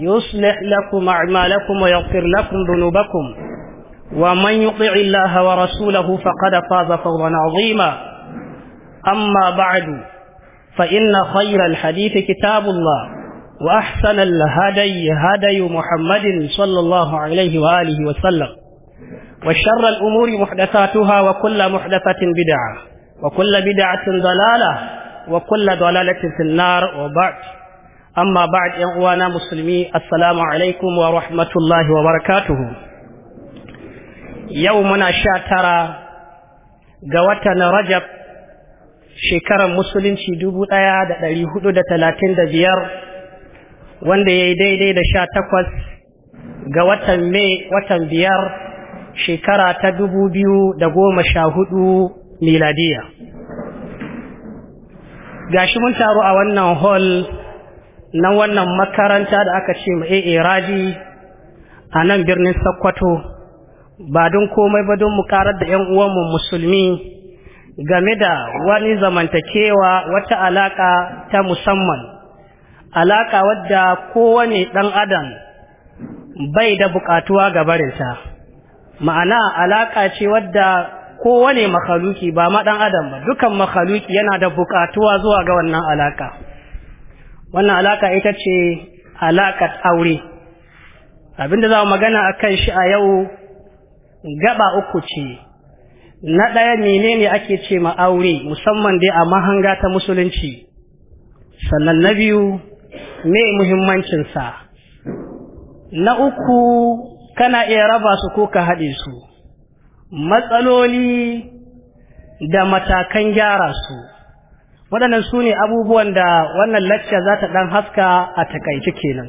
يصلح لكم أعمالكم ويغفر لكم ذنوبكم ومن يطع الله ورسوله فقد فاز فوضا عظيما أما بعد فإن خير الحديث كتاب الله وأحسن الهدي هدي محمد صلى الله عليه وآله وسلم وشر الأمور محدثاتها وكل محدثة بدعة وكل بدعة ضلالة وكل ضلالة في النار وبعد amma ba'd yan uwana musulmi assalamu alaikum wa rahmatullahi wa barakatuhu yau muna sha tara ga watan rajab shekarar musulunci dubu ɗaya da ɗari hudu da talatin da biyar wanda ya yi daidai da sha takwas ga watan mai watan biyar shekara ta dubu biyu da goma sha hudu miladiya gashi mun taru a wannan hol. na wannan makaranta da aka ce ma iradi a nan birnin Sokoto ba don komai ba don mu karar da 'yan uwanmu musulmi game da wani zamantakewa wata alaka ta musamman alaka wadda kowane ɗan adam bai da buƙatuwa ga barinta ma'ana alaka ce wadda kowane makhaluki ba ma ɗan adam ba dukan makhaluki yana da buƙatuwa zuwa ga wannan alaka wannan alaka ita ce alakat aure abinda za mu magana a kan shi a yau gaba uku ce na ɗaya menene ake ce ma aure musamman dai a mahanga ta musulunci sannan na biyu me muhimmancinsa na uku kana iya raba su ko ka haɗe su matsaloli da matakan gyara su waɗannan su ne abubuwan da wannan lacca za ta ɗan haska a takaice kenan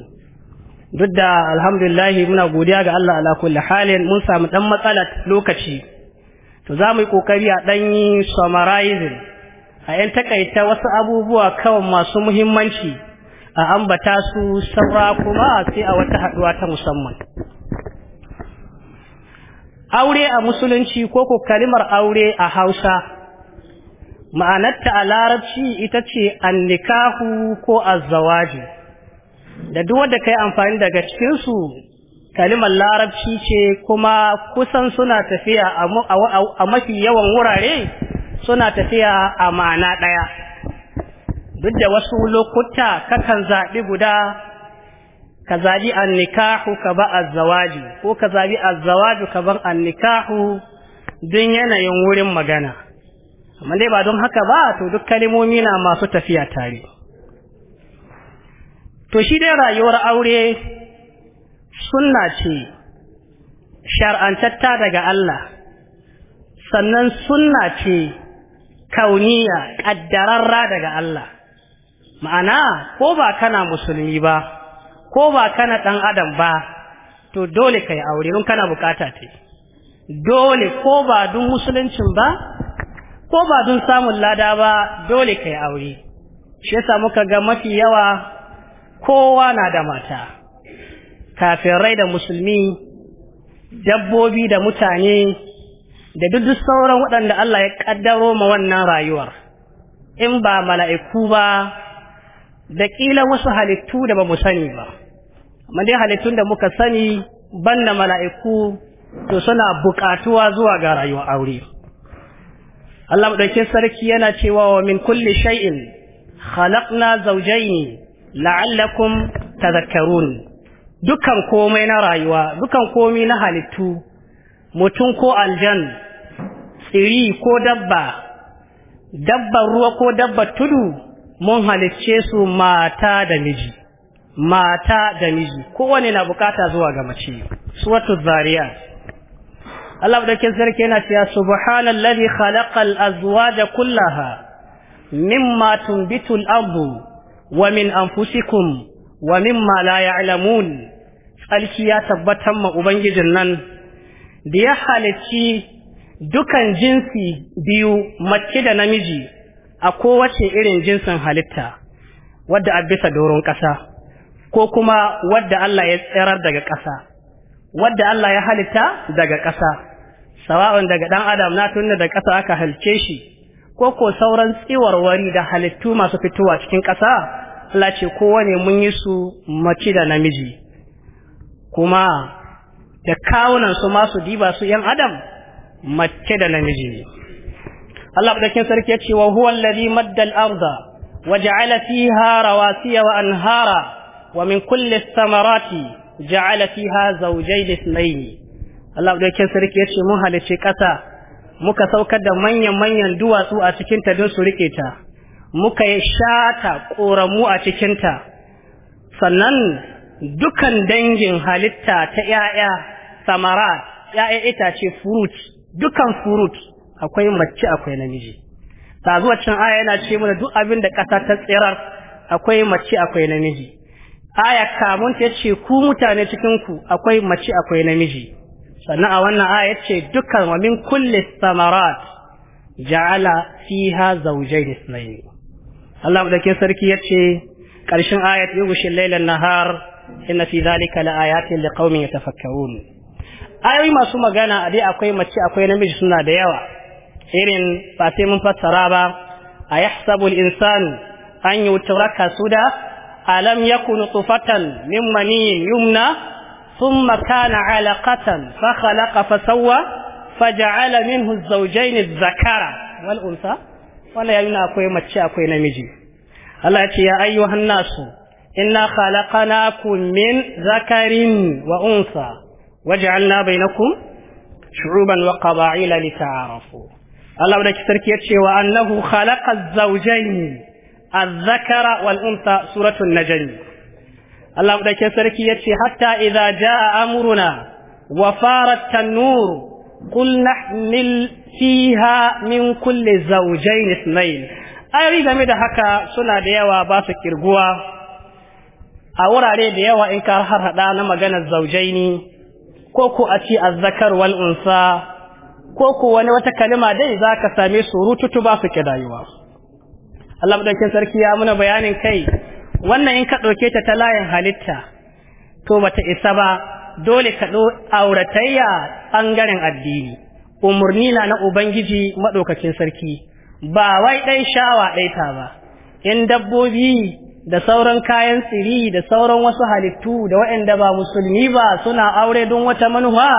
duk da alhamdulillahi muna godiya ga Allah ala kulli halin mun samu ɗan matsala lokaci to za mu yi ƙoƙari a ɗan yi summarizing a ‘yan takaita wasu abubuwa kawai masu muhimmanci a ambata su saura kuma sai a wata haɗuwa ta musamman aure a musulunci ko ko kalimar aure a hausa ma'anarta a larabci ita ce annikahu ko azzawaji da duk ka yi amfani daga cikinsu kalimar larabci ce kuma kusan suna tafiya a mafi yawan wurare suna tafiya a ma'ana ɗaya duk da wasu lokuta kakan zaɓi guda ka zaɓi annikahu ka ba azzawaji ko ka zaɓi azzawaju ka ban annikahu don yanayin wurin magana amma dai ba don haka ba to duk kalimomi na masu tafiya tare to shi dai rayuwar aure sunna ce shar'antatta daga Allah sannan sunna ce kauniya ƙaddararra daga Allah ma'ana ko ba kana musulmi ba ko ba kana ɗan adam ba to dole ka aure don kana bukata ce dole ko ba dun musuluncin ba ko ba don samun lada ba dole ka yi aure shi yasa muka ga mafi yawa kowa na da mata kafirai da musulmi dabbobi da mutane da duk sauran waɗanda Allah ya ƙaddaro ma wannan rayuwar in ba mala'iku ba da ƙila wasu halittu da ba mu sani ba amma dai halittun da muka sani banda mala'iku to suna buƙatuwa zuwa ga rayuwar aure Allah madaukin sarki yana cewa wa min kulli shay'in khalaqna zawjayn la'allakum tadhakkarun dukan komai na rayuwa dukan komai na halittu mutum ko aljan tsiri ko dabba dabbar ruwa ko dabbar tudu mun halicce su mata da miji mata da miji kowane na bukata zuwa ga mace suwatu zariyat Allah madaukin sarki yana cewa subhanallazi khalaqal azwaja kullaha mimma tunbitu al-ardu wa min anfusikum wa mimma la ya'lamun alki ya tabbatar ma ubangijin nan da ya halicci dukan jinsi biyu mace da namiji a kowace irin jinsin halitta wadda a bisa doron ƙasa ko kuma wadda Allah ya tsirar daga ƙasa wadda Allah ya halitta daga ƙasa sawa'un daga dan adam na tunna da ƙasa aka halce shi ko ko sauran tsiwar wari da halittu masu fitowa cikin ƙasa Allah ce kowane mun yi su mace da namiji kuma da kawunan su masu diba su yan adam mace da namiji Allah ɗaukin sarki ya ce wa huwa alladhi madda al-arda wa ja'ala fiha rawasiya wa anhara wa min kulli thamarati ja'ala fiha zawjayn ithnayn Allah ɗaukin sarki ya ce mun halice ƙasa muka saukar da manyan-manyan duwatsu a cikinta don su riƙe ta muka yi shata ƙoramu a cikinta sannan dukan dangin halitta ta ‘ya'ya samara ‘ya'ya itace furut dukan furut akwai mace akwai namiji ta zuwa cin aya yana ce mana duk abin da ƙasa ta tsirar akwai mace akwai namiji aya kamun ta ce ku mutane cikinku akwai mace akwai namiji sannan a wannan aya ce dukkan wa min kulli samarat ja'ala fiha zawjayn ismayn Allah madaukakin sarki yace karshen ayat yughshi lailan nahar inna fi dhalika laayatin liqaumin yatafakkarun ayoyi masu magana a dai akwai mace akwai namiji suna da yawa irin ba sai mun fassara ba a yahsabu al-insanu an yutraka suda alam yakun tufatan min manin yumna ثم كان علقة فخلق فسوى فجعل منه الزوجين الذكر والأنثى ولا يمنع أكوي متشي أكوي نمجي الله يا أيها الناس إنا خلقناكم من ذكر وأنثى وجعلنا بينكم شعوبا وقبائل لتعارفوا الله بدك تركي وأنه خلق الزوجين الذكر والأنثى سورة النجم Allah sarki sarki ce, hatta idza jaa amuruna, wa farat tanur qul nahmil fiha min kulli zawjayn ithnayn ayi game da haka suna da yawa ba su kirguwa a wurare da yawa in ka har hada na maganar zaujaini ko ku a ci azzakar wal unsa ko ku wani wata kalima dai zaka same su rututu ba su kidayuwa Allah sarki ya muna bayanin kai wannan in ka ɗauke ta ta layin halitta to bata isa ba dole ka ɗo auratayya ɓangaren addini umarni na na ubangiji maɗaukakin sarki ba wai ɗan shawa ɗaita ba in dabbobi da sauran kayan tsiri da sauran wasu halittu da waɗanda ba musulmi ba suna aure don wata manuwa?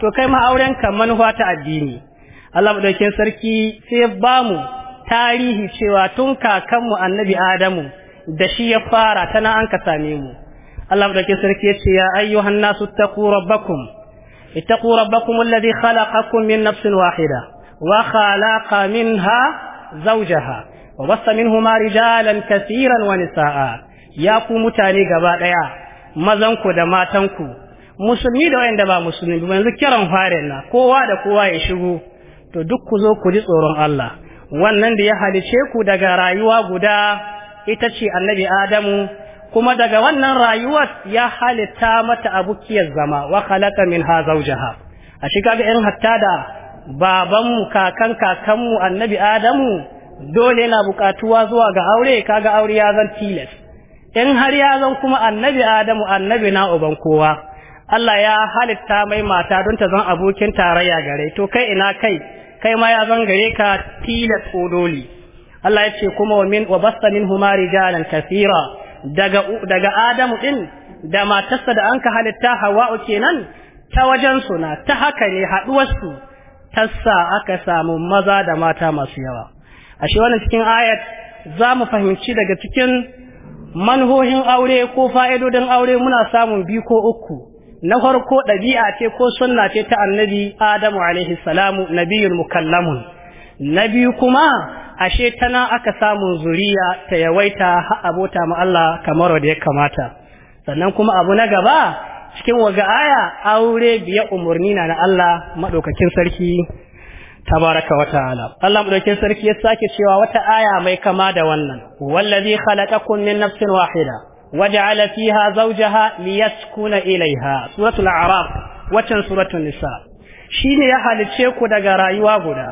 to kai ma auren kan manuwa ta addini Allah maɗaukakin sarki sai ba mu tarihi cewa tun kakanmu annabi Adamu da shi ya fara tana an ka same mu Allah da ke sarki yace ya ayyuhan nasu taqu rabbakum ittaqu rabbakum alladhi khalaqakum min nafsin wahida wa khalaqa minha zawjaha wa bassa minhuma rijalan kaseeran wa nisaa ya ku mutane gaba daya mazan ku da matan ku musulmi da wanda ba musulmi ba yanzu kiran fare na kowa da kowa ya shigo to duk ku zo ku ji tsoron Allah wannan da ya halice ku daga rayuwa guda ita ce annabi adamu kuma daga wannan rayuwar ya halitta mata abukiyar zama wa khalaqa ha zawjaha a shi kaga in hatta da babanmu kakan kakanmu annabi adamu dole na bukatuwa zuwa ga aure kaga aure ya zan tilas in har ya zan kuma annabi adamu annabi na uban kowa Allah ya halitta mai mata don ta zan abokin tarayya gare to kai ina kai kai ma ya zan gare ka tilas ko dole Allah ya ce kuma wa min wa basta minhuma rijalan kathira daga daga Adamu din da matarsa da anka halitta Hawwa'u kenan ta wajen suna ta haka ne haduwar su tassa aka samu maza da mata masu yawa ashe wannan cikin ayat za mu fahimci daga cikin manhohin aure ko fa'idodin aure muna samun biyu ko uku na farko ɗabi'a ce ko sunna ce ta annabi Adamu alaihi salamu nabiyul mukallamun na biyu kuma ashe tana aka samu zuriya ta yawaita abota ma Allah kamar da ya kamata sannan kuma abu na gaba cikin waga aya aure biya umurni na Allah madaukakin sarki tabaraka wa ta'ala Allah madaukakin sarki ya sake cewa wata aya mai kama da wannan wallazi khalaqakum min nafsin wahida waja'ala fiha zawjaha liyaskuna ilayha suratul a'raf waccan suratul nisa shine ya halice ku daga rayuwa guda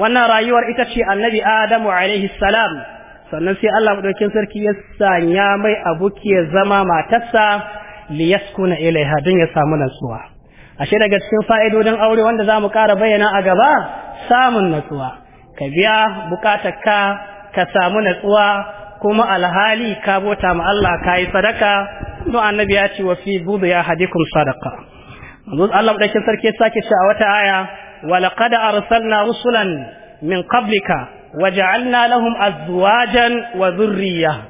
wannan rayuwar ita ce annabi adamu alaihi salam sannan sai Allah madaukin sarki ya sanya mai abuki ya zama matarsa liyaskuna ilaiha don ya samu natsuwa ashe daga cikin fa'idodin aure wanda zamu kara bayyana a gaba samun natsuwa ka biya bukatarka ka ka samu natsuwa kuma alhali ka bota ma Allah ka yi sadaka to annabi ya ce wa fi budu ya hadikum sadaka Allah madaukin sarki ya sake shi a wata aya da ولقد أرسلنا رسلا من قبلك وجعلنا لهم أزواجا وذرية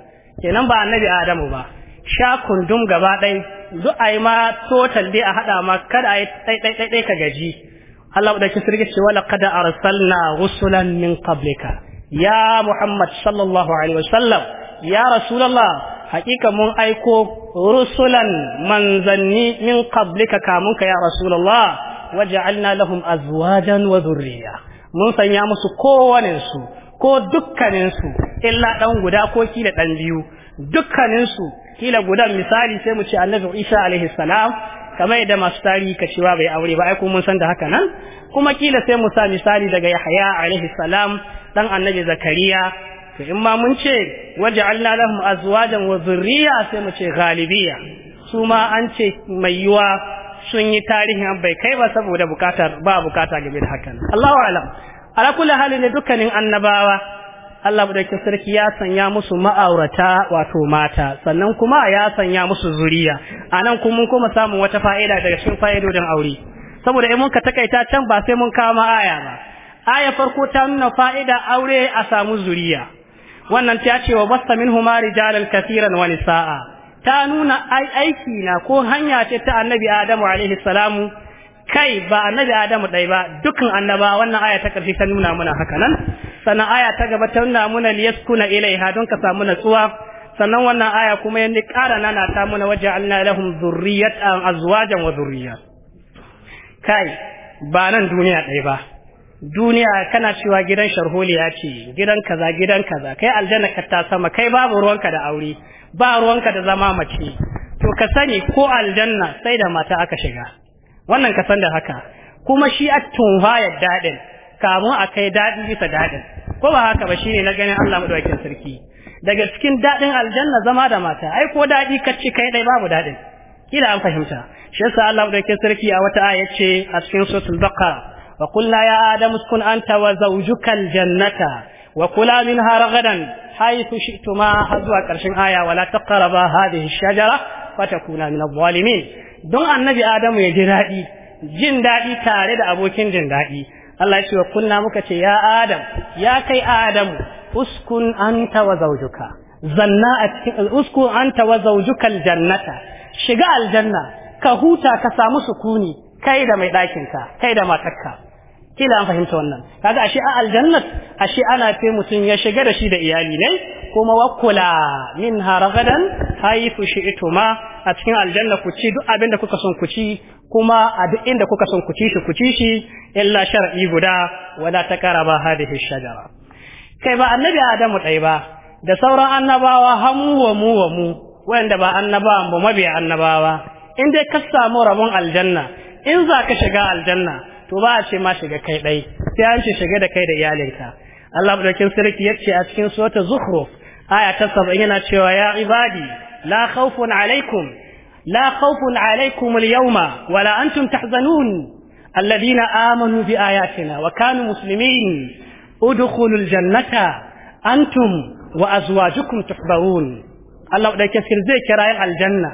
kenan ba a annabi Adamu ba sha kundum gaba ɗai duk a yi ma total dai a haɗa ma kada a yi ka gaji Allah da kisir gace wala ya Muhammad sallallahu alaihi wasallam ya rasulullah hakika mun aiko rusulan manzanni min qablika kamun ka ya rasulullah waj'alna lahum azwajan wa dhurriya mun sanya musu kowanin su ko dukkanin su illa dan guda ko kila dan biyu dukkanin su kila guda misali sai mu ce annabi Isa alaihi salam kamar yadda masu tarihi ka cewa bai aure ba ai ko mun san da haka nan kuma kila sai mu sa misali daga Yahya alaihi salam dan annabi Zakariya to in ma mun ce waj'alna lahum azwajan wa dhurriya sai mu ce ghalibiya su ma an ce mai yiwa sun yi tarihin bai kai ba saboda bukatar ba bukata game da hakan Allahu alam ala kulli hali ne dukkanin annabawa Allah ki sarki ya sanya musu ma'aurata wato mata sannan kuma ya sanya musu zuriya anan kuma mun kuma samun wata fa'ida daga cikin fa'idodin aure saboda in mun ka takaita can ba sai mun kama aya ba aya farko ta nuna fa'ida aure a samu zuriya wannan ta ce wa basta minhuma rijalan kaseeran wa nisaa ta nuna aiki na ko hanya ce ta annabi adamu alaihi salamu kai ba annabi adamu dai ba dukkan annaba wannan aya ta karshe ta nuna muna haka nan sannan aya ta gaba ta nuna muna liyaskuna ilaiha don ka samu natsuwa sannan wannan aya kuma yanda ƙara nana ta muna waje Allah lahum zurriyatan azwajan wa zurriya kai ba nan duniya dai ba duniya kana cewa gidan sharholiya ce gidan kaza gidan kaza kai aljanna ka sama kai babu ruwanka da aure ba ruwanka da zama mace to ka sani ko aljanna sai da mata aka shiga wannan ka san da haka kuma shi a ya dadin kamu a kai dadi bisa dadin ko ba haka ba shine na ganin Allah madaukakin sarki daga cikin dadin aljanna zama da mata ai ko dadi kace kai dai babu dadin kila an fahimta shi yasa Allah madaukakin sarki a wata aya yace a cikin suratul baqara wa qulna ya adamu kun anta wa zawjuka aljannata wa kula minha ragadan haythu shi'tuma har zuwa karshen aya wala taqraba hadhihi shajara fatakuna min adh-dhalimin don annabi adamu ya ji dadi jin dadi tare da abokin jin dadi Allah ya ce wa kunna muka ce ya adam ya kai adam uskun anta wa zawjuka zanna a cikin uskun anta wa zawjuka aljannata shiga aljanna ka huta ka samu sukuni kai da mai ɗakinka kai da matarka kila an fahimta wannan kaga ashe a aljannat ashe ana kai mutum ya shiga da shi da iyali ne kuma wakula min haragadan haifu shi'tuma a cikin aljanna ku ci duk abin da kuka son ku ci kuma a duk inda kuka son ku ci shi ku ci shi illa shar'i guda wala takaraba hadhihi shajara kai ba annabi adamu dai ba da sauran annabawa hamu wa mu wa mu wanda ba annabawa ba mabiya annabawa in dai ka samu rabon aljanna in za ka shiga aljanna to ba a ce ma shiga kai dai sai an ce shiga da kai da iyalinka Allah madaukin sarki yace a cikin sura zukhruf aya ta 70 yana cewa ya ibadi la khawfun alaikum la khawfun alaikum al-yawma wa la antum tahzanun الذين آمنوا بآياتنا وكانوا مسلمين ادخلوا الجنة أنتم وأزواجكم تحبرون الله ده كسر زي كراي الجنة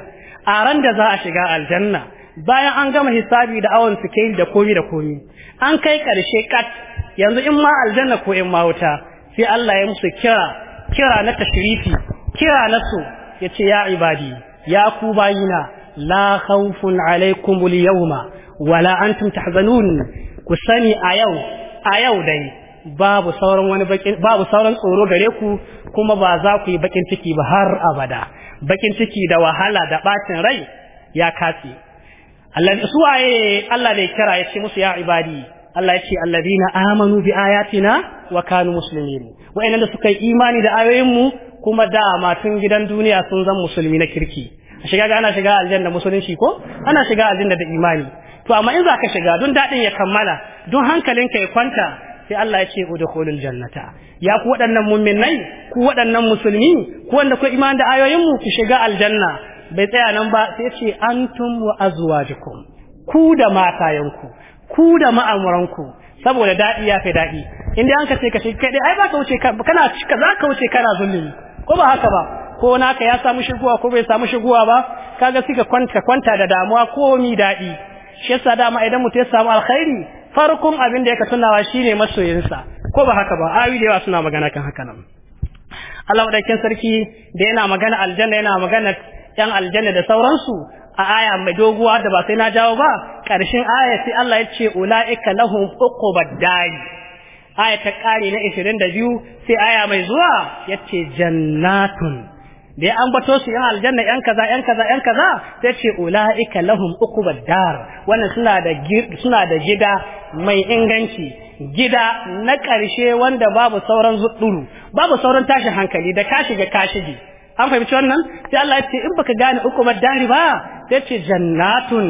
أرند ذا أشقاء الجنة bayan an gama hisabi da awon sikeli da komi da komi an kai karshe kat yanzu in ma aljanna ko in ma wuta sai Allah ya musu kira kira na tashrifi kira na so ce ya ibadi ya ku bayina la khawfun alaikum al-yawma wala antum tahzanun ku sani a yau a yau dai babu sauran wani bakin babu sauran tsoro gare ku kuma ba za ku yi bakin ciki ba har abada bakin ciki da wahala da bacin rai ya katse Allah su waye Allah da ya kira ya ce musu ya ibadi Allah ya ce alladina amanu bi ayatina wa kanu muslimin wa'annan da suka yi imani da ayoyinmu kuma da matun gidan duniya sun zan musulmi na kirki a shiga ga ana shiga aljanna musulunci ko ana shiga aljanna da imani to amma in zaka shiga don dadin ya kammala don hankalinka ya kwanta sai Allah ya ce udkhulul jannata ya ku waɗannan mu'minai ku waɗannan musulmi ku wanda ku imani da ayoyin mu ku shiga aljanna bai tsaya nan ba sai ce an tun wa azwajukum ku da matayanku ku da ma'amuranku saboda daɗi ya fi daɗi inda an kashe kashe kaɗai, ai ba ka wuce kana za ka wuce kana zulmi ko ba haka ba ko naka ya samu shiguwa ko bai samu shiguwa ba ka sai ka kwanta da damuwa ko mi daɗi shi yasa dama idan mutum ya samu alkhairi farkon abin da yake tunawa shine masoyinsa ko ba haka ba a, da yawa suna magana kan haka nan Allah madaukin sarki da yana magana aljanna yana magana yan aljanna da sauransu a aya mai doguwa da ba sai na jawo ba ƙarshen aya sai Allah ya ce ula'ika lahum uqubad dari aya ta kare na 22 sai aya mai zuwa ya ce jannatun da ya ambato su yan aljanna yan kaza yan kaza yan kaza sai ce ula'ika lahum uqubad dar wannan suna da suna da gida mai inganci gida na ƙarshe wanda babu sauran zuɗuru babu sauran tashin hankali da kashi ga kashi an fahimci wannan sai Allah ya ce in baka gane hukumar dari ba sai ce jannatun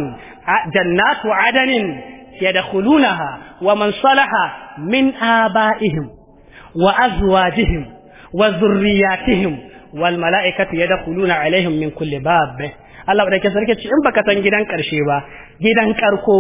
jannatu adanin yadkhulunaha wa man salaha min abaihim wa azwajihim wa zurriyatihim wal mala'ikatu yadkhuluna alaihim min kulli bab Allah ba da ke sarki in baka san gidan karshe ba gidan karko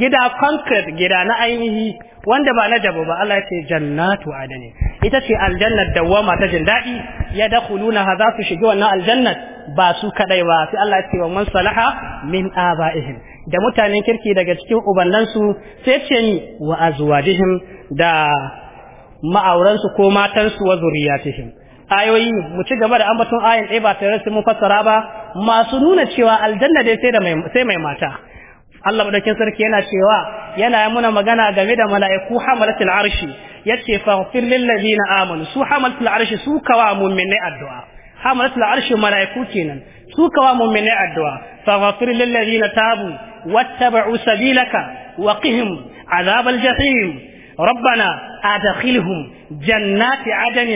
gida concrete gida na ainihi wanda ba na jabo ba Allah ce jannatu adani ita ce aljannat dawama ta jin daɗi ya dakhuluna hadha za su shiga wannan aljannat ba su kadai ba sai Allah ce wa man salaha min abaihim da mutanen kirki daga cikin ubannansu sai ce ni wa azwajihim da ma'auransu ko matansu wa zuriyatihim ayoyi mu ci gaba da ambaton ayin ɗaya ba tare da mun fassara ba masu nuna cewa aljanna dai sai da mai sai mai mata Allah madaukin sarki yana cewa yana yi muna magana game da mala'iku hamalatul arshi yace faghfir lil ladina amanu su hamalatul arshi su kawa mu'minai addu'a hamalatul arshi mala'iku kenan su kawa mu'minai addu'a faghfir lil ladina tabu wattaba'u sabilaka wa qihim adhabal jahim ربنا أدخلهم جنات عدن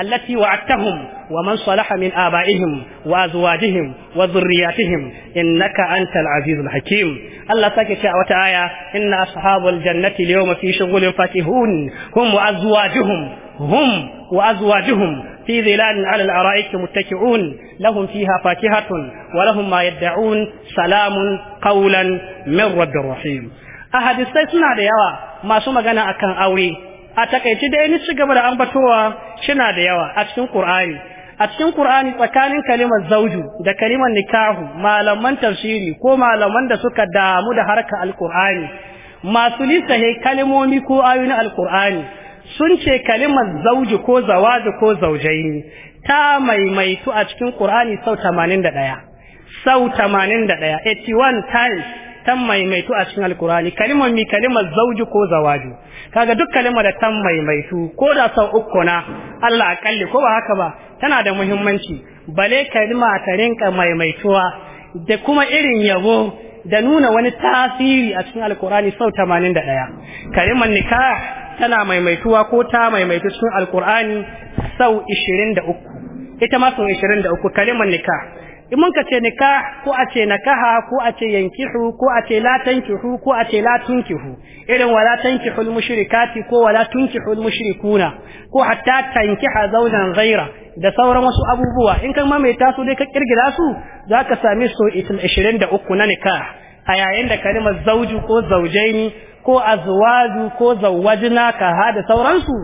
التي وعدتهم ومن صلح من آبائهم وأزواجهم وذرياتهم إنك أنت العزيز الحكيم الله سكت وتعايا إن أصحاب الجنة اليوم في شغل فاكهون هم وأزواجهم هم وأزواجهم في ظلال على الأرائك متكئون لهم فيها فاكهة ولهم ما يدعون سلام قولا من رب الرحيم أحد السيسنا ديوا ما سمى akan أوري a takaici dai ni ci gaba da ambatowa shina da yawa a cikin Qur'ani a cikin Qur'ani tsakanin kalimar zauju da kalimar nikahu malaman tafsiri ko malaman da suka damu da harka qurani masu lissahe kalimomi ko ayoyin Al-Qur'ani sun ce kalimar zauju ko zawaju ko zaujaini ta maimaitu a cikin Qur'ani sau 81 sau 81 81 times tan maimaitu a cikin alkurani kalimar mi kalimar zauji ko zawaju kaga duk kalimar da tan maimaitu ko da sau uku na Allah akalli ko ba haka ba tana da muhimmanci bale kalima ta rinka maimaituwa da kuma irin yabo da nuna wani tasiri a cikin alkurani sau 81 kalimar nikah tana maimaituwa ko ta maimaitu cikin alkurani sau 23 ita ma sau 23 kalimar nikah in mun ka ce nika ko a ce nakaha ko a ce yankihu ko a ce la ko a ce la irin wala tankihul mushrikati ko wala tunkihul mushrikuna ko hatta tankiha zaunan ghaira da sauran wasu abubuwa in kan mamaita su dai ka kirgira su za ka sami zaka ashirin da uku na nika a yayin da kalimar zauju ko zaujaini ko azwaju ko zawajna ka ha da sauransu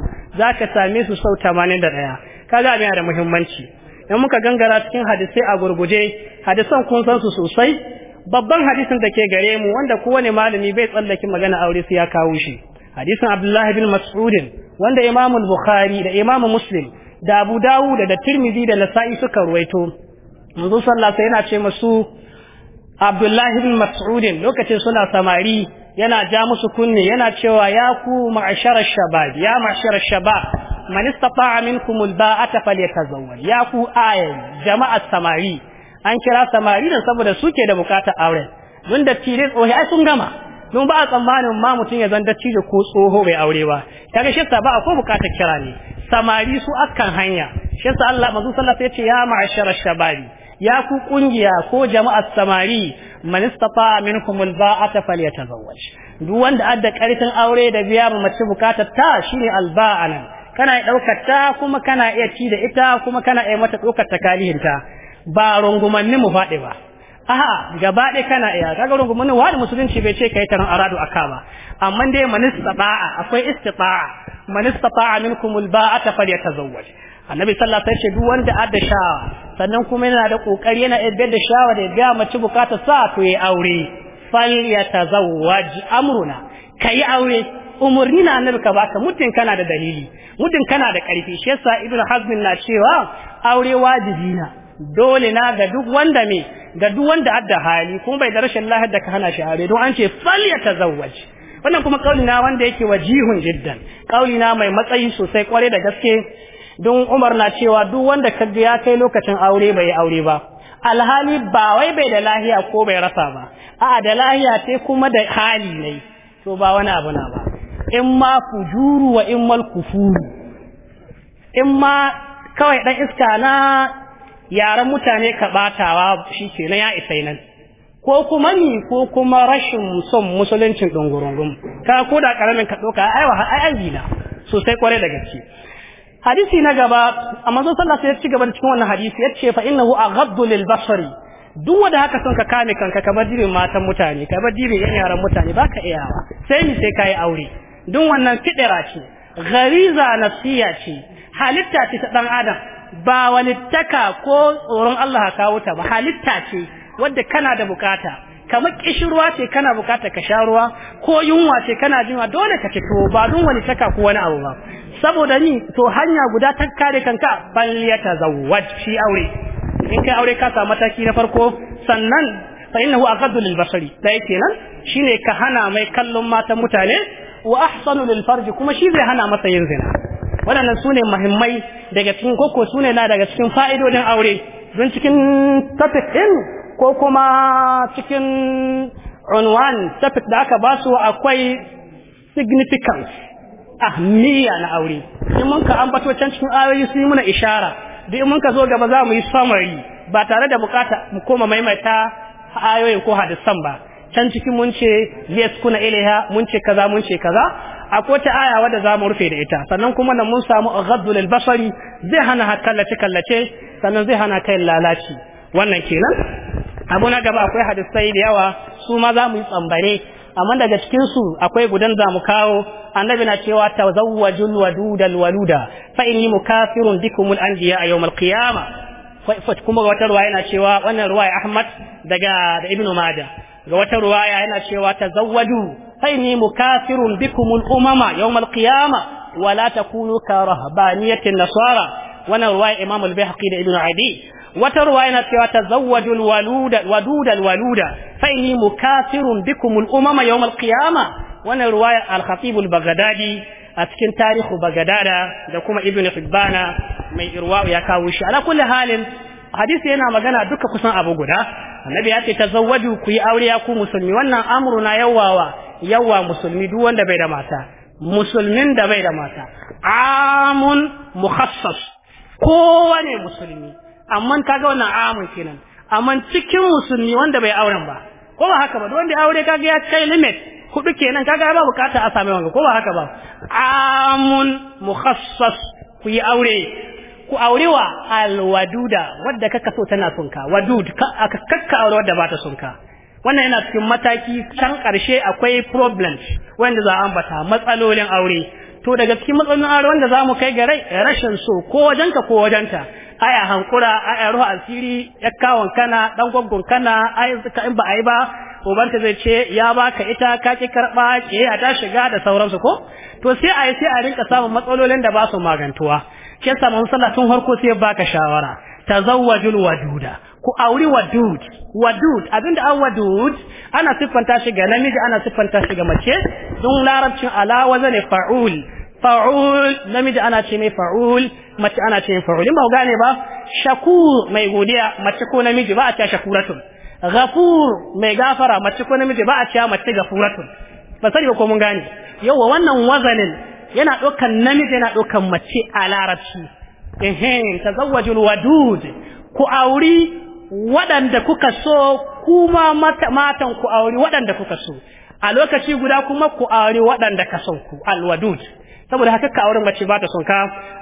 ka sami su sau tamanin da ɗaya kaga abin da muhimmanci in muka gangara cikin hadisai a gurguje hadisan kun san su sosai babban hadisin da ke gare mu wanda kowane malami bai tsallaki magana aure sai ya kawo shi hadisin abdullahi bin mas'udin wanda imam bukhari da imam muslim da abu dawud da tirmidhi da nasa'i suka ruwaito manzo sallallahu yana ce masu abdullahi bin mas'udin lokacin suna samari yana ja musu kunne yana cewa ya ku ma'ashara shabab ya ma'ashara shabab man istata'a minkum alba'ata falyatazawwaj ya ku ayyan jama'at samari an kira samari ne saboda suke da bukatar aure mun da tire ai sun gama mun ba tsammanin ma mutun ya zanda tije ko tsoho bai aure ba kaga shi ba akwai bukatar kira ne samari su akan hanya shi sa Allah manzo sallallahu alaihi wasallam ya ce ya ma'ashara shababi ya ku kungiya ko jama'at samari man istata minkum alba'ata falyatazawwaj duk wanda adda karfin aure da biya mu mace bukatar ta shine alba'a nan kana iya daukar ta kuma kana iya ci da ita kuma kana iya mata daukar takalihin ta ba rungumanni mu faɗi ba a'a gaba ɗaya kana iya kaga rungumanni wani musulunci bai ce kai tarin aradu akaba ba amma dai man istata akwai istita'a man istata'a minkum alba'ata falyatazawwaj annabi sallallahu alaihi wasallam duk wanda adda shawa sannan kuma yana da kokari yana yadda da shawa da ga mace bukata sa to yayi aure falyatazawwaj amruna kai aure umurni na annabi ka baka mutun kana da dalili muddin kana da karfi shi yasa ibnu hazm na cewa aure wajibi na dole na ga duk wanda me ga duk wanda adda hali kuma bai da rashin lahar da ka hana shi aure don an ce falyatazawwaj wannan kuma kauli na wanda yake wajihun jiddan kauli na mai matsayi sosai kware da gaske don Umar na cewa duk wanda kaga ya kai lokacin aure bai aure ba alhali ba wai bai da lahiya ko bai rasa ba a'a da lahiya sai kuma da hali ne to ba wani abu na ba in ma fujuru wa in mal kufuru in ma kawai dan iska na yaran mutane ka batawa shikenan ya isai nan ko kuma ni ko kuma rashin son musuluncin dungurungun ka ko da karamin ka doka ai wa ai azina sosai kware da gaske hadisi na gaba amma manzon sallallahu alaihi ci gaba da cikin wannan hadisi yace fa innahu aghaddu lil basari duk wanda haka son ka kame kanka kamar dibin matan mutane kamar dirin yan yaran mutane baka iyawa sai ni sai kai aure duk wannan fidira ce ghariza nafsiya ce halitta ce ta dan adam ba wani taka ko tsoron Allah ka kawo ta ba halitta ce wanda kana da bukata kamar kishirwa ce kana bukata ka sha ruwa ko yunwa ce kana jinwa dole ka ci to ba don wani taka ko wani abu ba saboda ni to hanya guda ta kare kanka ta zawwaj shi aure in kai aure ka samu mataki na farko sannan fa innahu aqaddu lil basari da yake nan shine ka hana mai kallon matan mutane wa ahsanu lil farj kuma shi zai hana masa yin zina waɗannan sune muhimmai daga cikin koko sune na daga cikin fa'idodin aure don cikin tafihin ko kuma cikin unwan topic da aka ba su akwai significance ahmiya na aure in mun ka ambato can cikin ayoyi sun yi muna ishara duk mun ka zo gaba za mu yi summary ba tare da bukata mu koma maimaita ayoyin ko hadisan ba can cikin mun ce yes kuna ilaiha mun ce kaza mun ce kaza akwai ta aya wadda za mu rufe da ita sannan kuma nan mun samu ghadul albasari zai hana kallace kallace sannan zai hana kai lalaci wannan kenan abu na gaba akwai hadisai da yawa su ma za mu yi tsambare amma daga cikin su akwai gudan za mu kawo annabi na cewa tazawwajul wadudal waluda fa inni mukafirun bikumul anbiya a yawmal qiyama kuma ga wata ruwaya yana cewa wannan ruwaya Ahmad daga da Ibn Majah ga wata ruwaya yana cewa tazawwaju fa inni mukafirun bikumul umama yawmal qiyama wala takunu ka rahbaniyatin nasara wannan ruwaya Imam al-Baihaqi da Ibn Adi wata ruwa yana cewa tazawwajul waluda wadudal waluda fa inni mukathirun bikum al umama yawm al qiyama wannan ruwaya al khatib al a cikin tarihu baghdada da kuma ibn hibbana mai irwa ya kawo shi ala kulli halin hadisi yana magana duka kusan abu guda annabi ya ce tazawwaju ku yi aure ya ku musulmi wannan na yawawa yawa musulmi duk wanda bai da mata musulmin da bai da mata amun mukhassas kowane musulmi amma kaga wannan amun kenan amma cikin musulmi wanda bai auren ba ko ba haka ba wanda aure kaga ya kai limit kudu kenan kaga ba bukata a same wanga ko ba haka ba amun mukhassas ku yi aure ku aurewa alwaduda wadda kaka so tana son ka wadud ka kakka aure wadda ba ta son ka wannan yana cikin mataki can karshe akwai problems wanda za a ambata matsalolin aure to daga cikin matsalolin aure wanda za mu kai ga rai rashin so ko wajenka ko wajenta aya hankura aya ruha asiri ya kawon kana dan gwaggon kana ai suka in ba ai ba ubanta zai ce ya baka ita ka ki karba ke a ta shiga da sauransu ko to sai ai sai a rinka samun matsalolin da ba su magantuwa ke samun sallah tun sai baka shawara tazawwajul waduda ku auri wadud wadud abinda an wadud ana siffanta shi ga namiji ana siffanta shi ga mace dun larabcin ala wazane fa'ul fa'ul namiji ana ce mai fa'ul mace ana ce mai fa'ul in ba ku gane ba shakur mai godiya mace ko namiji ba a ce shakuratun ghafur mai gafara mace ko namiji ba a ce mace gafuratun ba sani ba ko mun gane yawa wannan wazanin yana ɗaukan namiji yana ɗaukan mace a larabci ehem tazawwajul wadud ku auri waɗanda kuka so kuma matan ku auri waɗanda kuka so a lokaci guda kuma ku auri waɗanda ka so, ku alwadud saboda haka ka auren mace ba ta son ka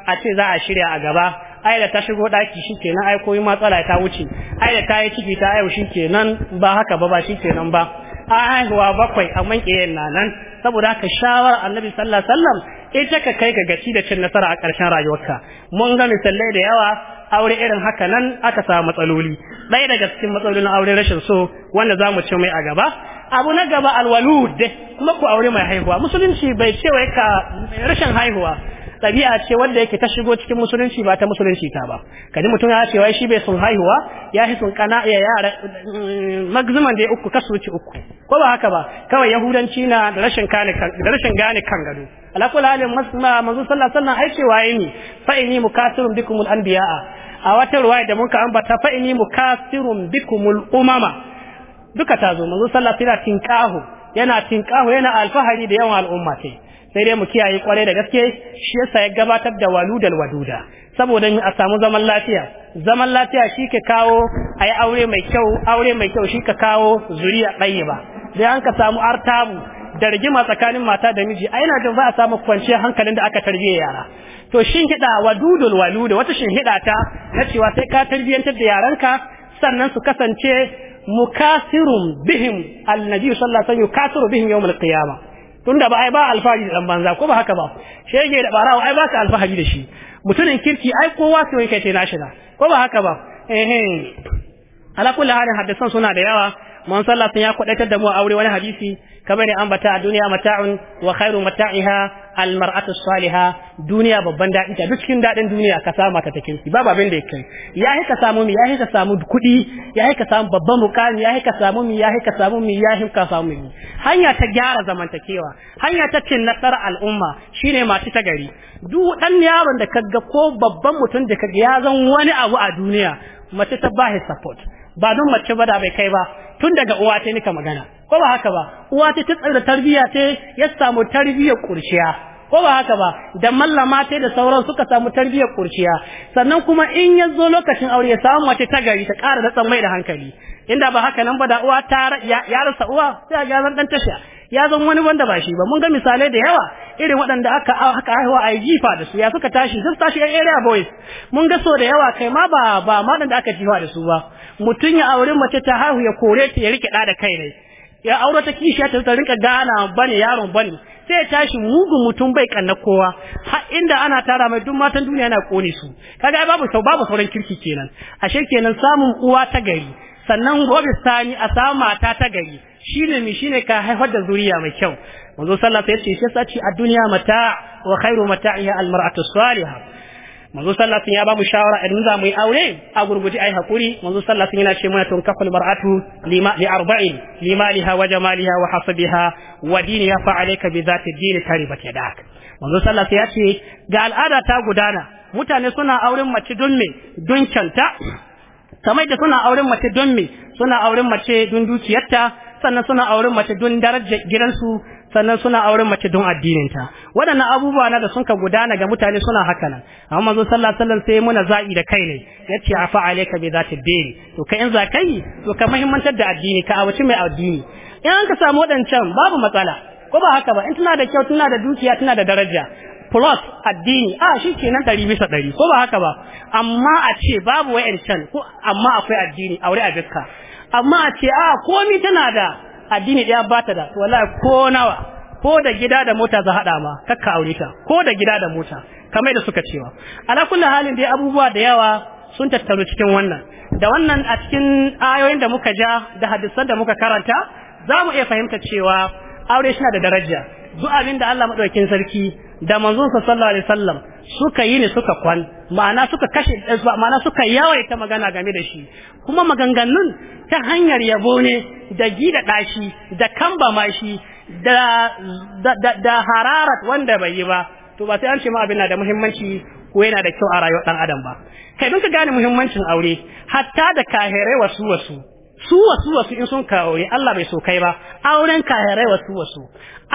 a ce za a shirya a gaba ai da ta shigo daki shikenan ai koyi matsala ta wuce ai da ta yi ciki ta ayo shikenan ba haka ba ba shikenan ba a haihuwa bakwai a manke na nan saboda haka shawar annabi sallallahu alaihi wasallam ita ka kai ga gaci da cin nasara a ƙarshen rayuwarka mun ga misalai da yawa aure irin haka nan aka samu matsaloli ɗaya daga cikin matsalolin aure rashin so wanda za mu ci mai a gaba abu na gaba alwalud kuma ku aure mai haihuwa musulunci bai ce wai ka rashin haihuwa ɗabi'a ce wanda yake ta shigo cikin musulunci ba ta musulunci ta ba kaji mutum ya ce wai shi bai sun haihuwa ya shi sun kana ya yara magzuman da ya mm, uku kasu ci uku ko ba haka ba kawai yahudanci na da rashin gane kan da rashin gane kan gado ala kulli halin masma manzo sallallahu alaihi wasallam ai ce waye ni fa inni mukasirun bikumul anbiya a wata ruwaya da mun muka ambata fa inni mukasirun bikumul umama duka ta zo manzo sallallahu alaihi wasallam tinkahu yana tinkahu yana alfahari da yawan al'umma sai sai dai mu kiyaye kwarai da gaske shi yasa ya gabatar da waludal waduda saboda a samu zaman lafiya zaman lafiya shi ka kawo ayi aure mai kyau aure mai kyau shi ka kawo zuriya tayyiba sai an ka samu artabu da rigima tsakanin mata da miji a yana jin ba a samu kwanciyar hankalin da aka tarbiya yara to shin hida wadudul waluda wata shin hida ta na cewa sai ka tarbiyantar da yaranka sannan su kasance mukasiru bihim annabi sallallahu alaihi wasallam yukasiru bihim yawmal qiyama tunda ba ba alfahari da dan banza ko ba haka ba shege da barawo ai ba ka alfahari da shi mutumin kirki ai kowa sai wani kai ta ko ba haka ba suna da yawa man ya da mu aure wani kamar an bata a duniya mata'un wa khairu mata'iha almar'atu salihah duniya babban daɗi ta duk cikin daɗin duniya ka samu ta take ba ba abin da yake ya hika samu mi ya hika samu kuɗi ya hika samu babban mukami ya hika samu mi ya hika samu mi ya hika samu mi hanya ta gyara zamantakewa hanya ta cin nasar al'umma shine masu ta gari duk dan yaron da kaga ko babban mutum da kaga ya zan wani abu a duniya mace ta bahi support ba don mace ba da bai kai ba tun daga uwa ta nika magana ko ba haka ba uwa ta tsara da tarbiya ta ya samu tarbiyar kurciya ko ba haka ba da mallama ta da sauran suka samu tarbiyar kurciya sannan kuma in ya zo lokacin aure ya samu wace ta gari ta ƙara da tsammai da hankali inda ba haka nan ba da uwa ta ya rasa uwa sai ga zan dan tasha ya zan wani wanda ba shi ba mun ga misalai da yawa irin waɗanda aka aka haihuwa a jifa da su ya suka tashi zan tashi yan area boys mun ga so da yawa kai ma ba ba ma da aka jifa da su ba mutum ya aure mace ta haihu ya kore ta ya rike da kai ne ya aure ta kishiya ta rinka gana bane yaron bane sai ya tashi mugun mutum bai kanna kowa har inda ana tara mai duk matan duniya yana kone su kaga babu sau babu sauran kirki kenan ashe kenan samun uwa ta gari sannan gobe sani a samu mata ta gari shine mi shine ka haifar da zuriya mai kyau manzo sallallahu alaihi wasallam ya ce sai a duniya mata wa khairu mata'iha al-mar'atu salihah manzo sallatin ya bamu shawara idan za mu yi aure a gurguje ai hakuri manzo sallatin yana ce mana tun kafal mar'atu lima li arba'in limaliha wa jamaliha wa hasabiha wa diniha fa alayka bi zati dini taribat yadak manzo ya ce ga al'ada ta gudana mutane suna auren mace don me don kyanta kamar da suna auren mace don me suna auren mace don dukiyarta sannan suna auren mace don darajar gidansu sannan suna auren mace don addininta waɗannan abubuwa na da sun ka gudana ga mutane suna haka nan amma manzo sallallahu alaihi wasallam sai muna za'i da kai ne yace afa alayka bi zati din to kai in za to ka muhimmantar da addini ka abuci mai addini in ka samu waɗancan babu matsala ko ba haka ba in tana da kyau tana da dukiya tana da daraja plus addini a shi kenan ɗari bisa ɗari ko ba haka ba amma a ce babu wa'ancan ko amma akwai addini aure a dukka amma a ce a komi tana da addini daya ba ta da to wallahi ko nawa ko da gida da mota za haɗa ma kakka aure ta ko da gida da mota kamar da suka cewa ala kullu halin dai abubuwa da yawa sun tattaru cikin wannan da wannan a cikin ayoyin da muka ja da hadisan da muka karanta za mu iya fahimta cewa aure shi da daraja zuwa abin da Allah madaukakin sarki da manzon sa sallallahu alaihi wasallam suka yi ne suka kwan ma'ana suka kashe ma'ana suka yawaita magana game da shi kuma maganganun ta hanyar yabo ne da gida dashi da kamba mashi da da, da, hararat wanda bai yi ba to ba sai an ce ma abin na da muhimmanci ko yana da kyau a rayuwar dan adam ba kai don ka gane muhimmancin aure hatta da kahirai wasu wasu su wasu wasu in sun ka aure Allah bai so kai ba auren kayarai wasu wasu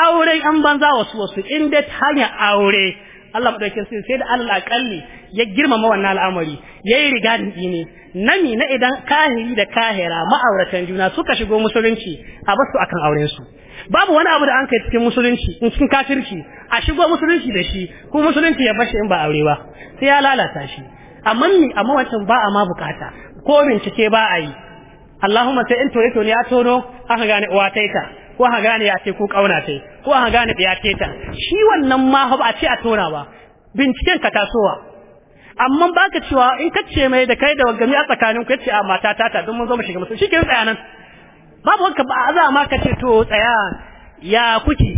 auren an banza wasu wasu in dai hanya aure Allah madaukakin sai sai da Allah akalli ya girmama wannan al'amari yayi riga din ne nami na idan kahiri da kahira ma'auratan juna suka shigo musulunci a basu akan auren su babu wani abu da an kai cikin musulunci in cikin kafirci a shigo musulunci da shi ko musulunci ya bashi in ba aure ba sai ya lalata shi amma ni amma wancan ba a ma bukata ko bincike ba a yi Allahumma sai in tore tone ne ya tono aka gane uwa ta ko aka gane ya ce ko kauna tai ko aka gane ya ce ta shi wannan ma ba a ce a tona ba binciken ka tasowa amma ba ka cewa in ka ce mai da kai da wagami a tsakanin ku ce a mata ta ta don mun zo mu shiga musu shi tsaya nan babu wanka ba za ma ka ce to tsaya ya kuki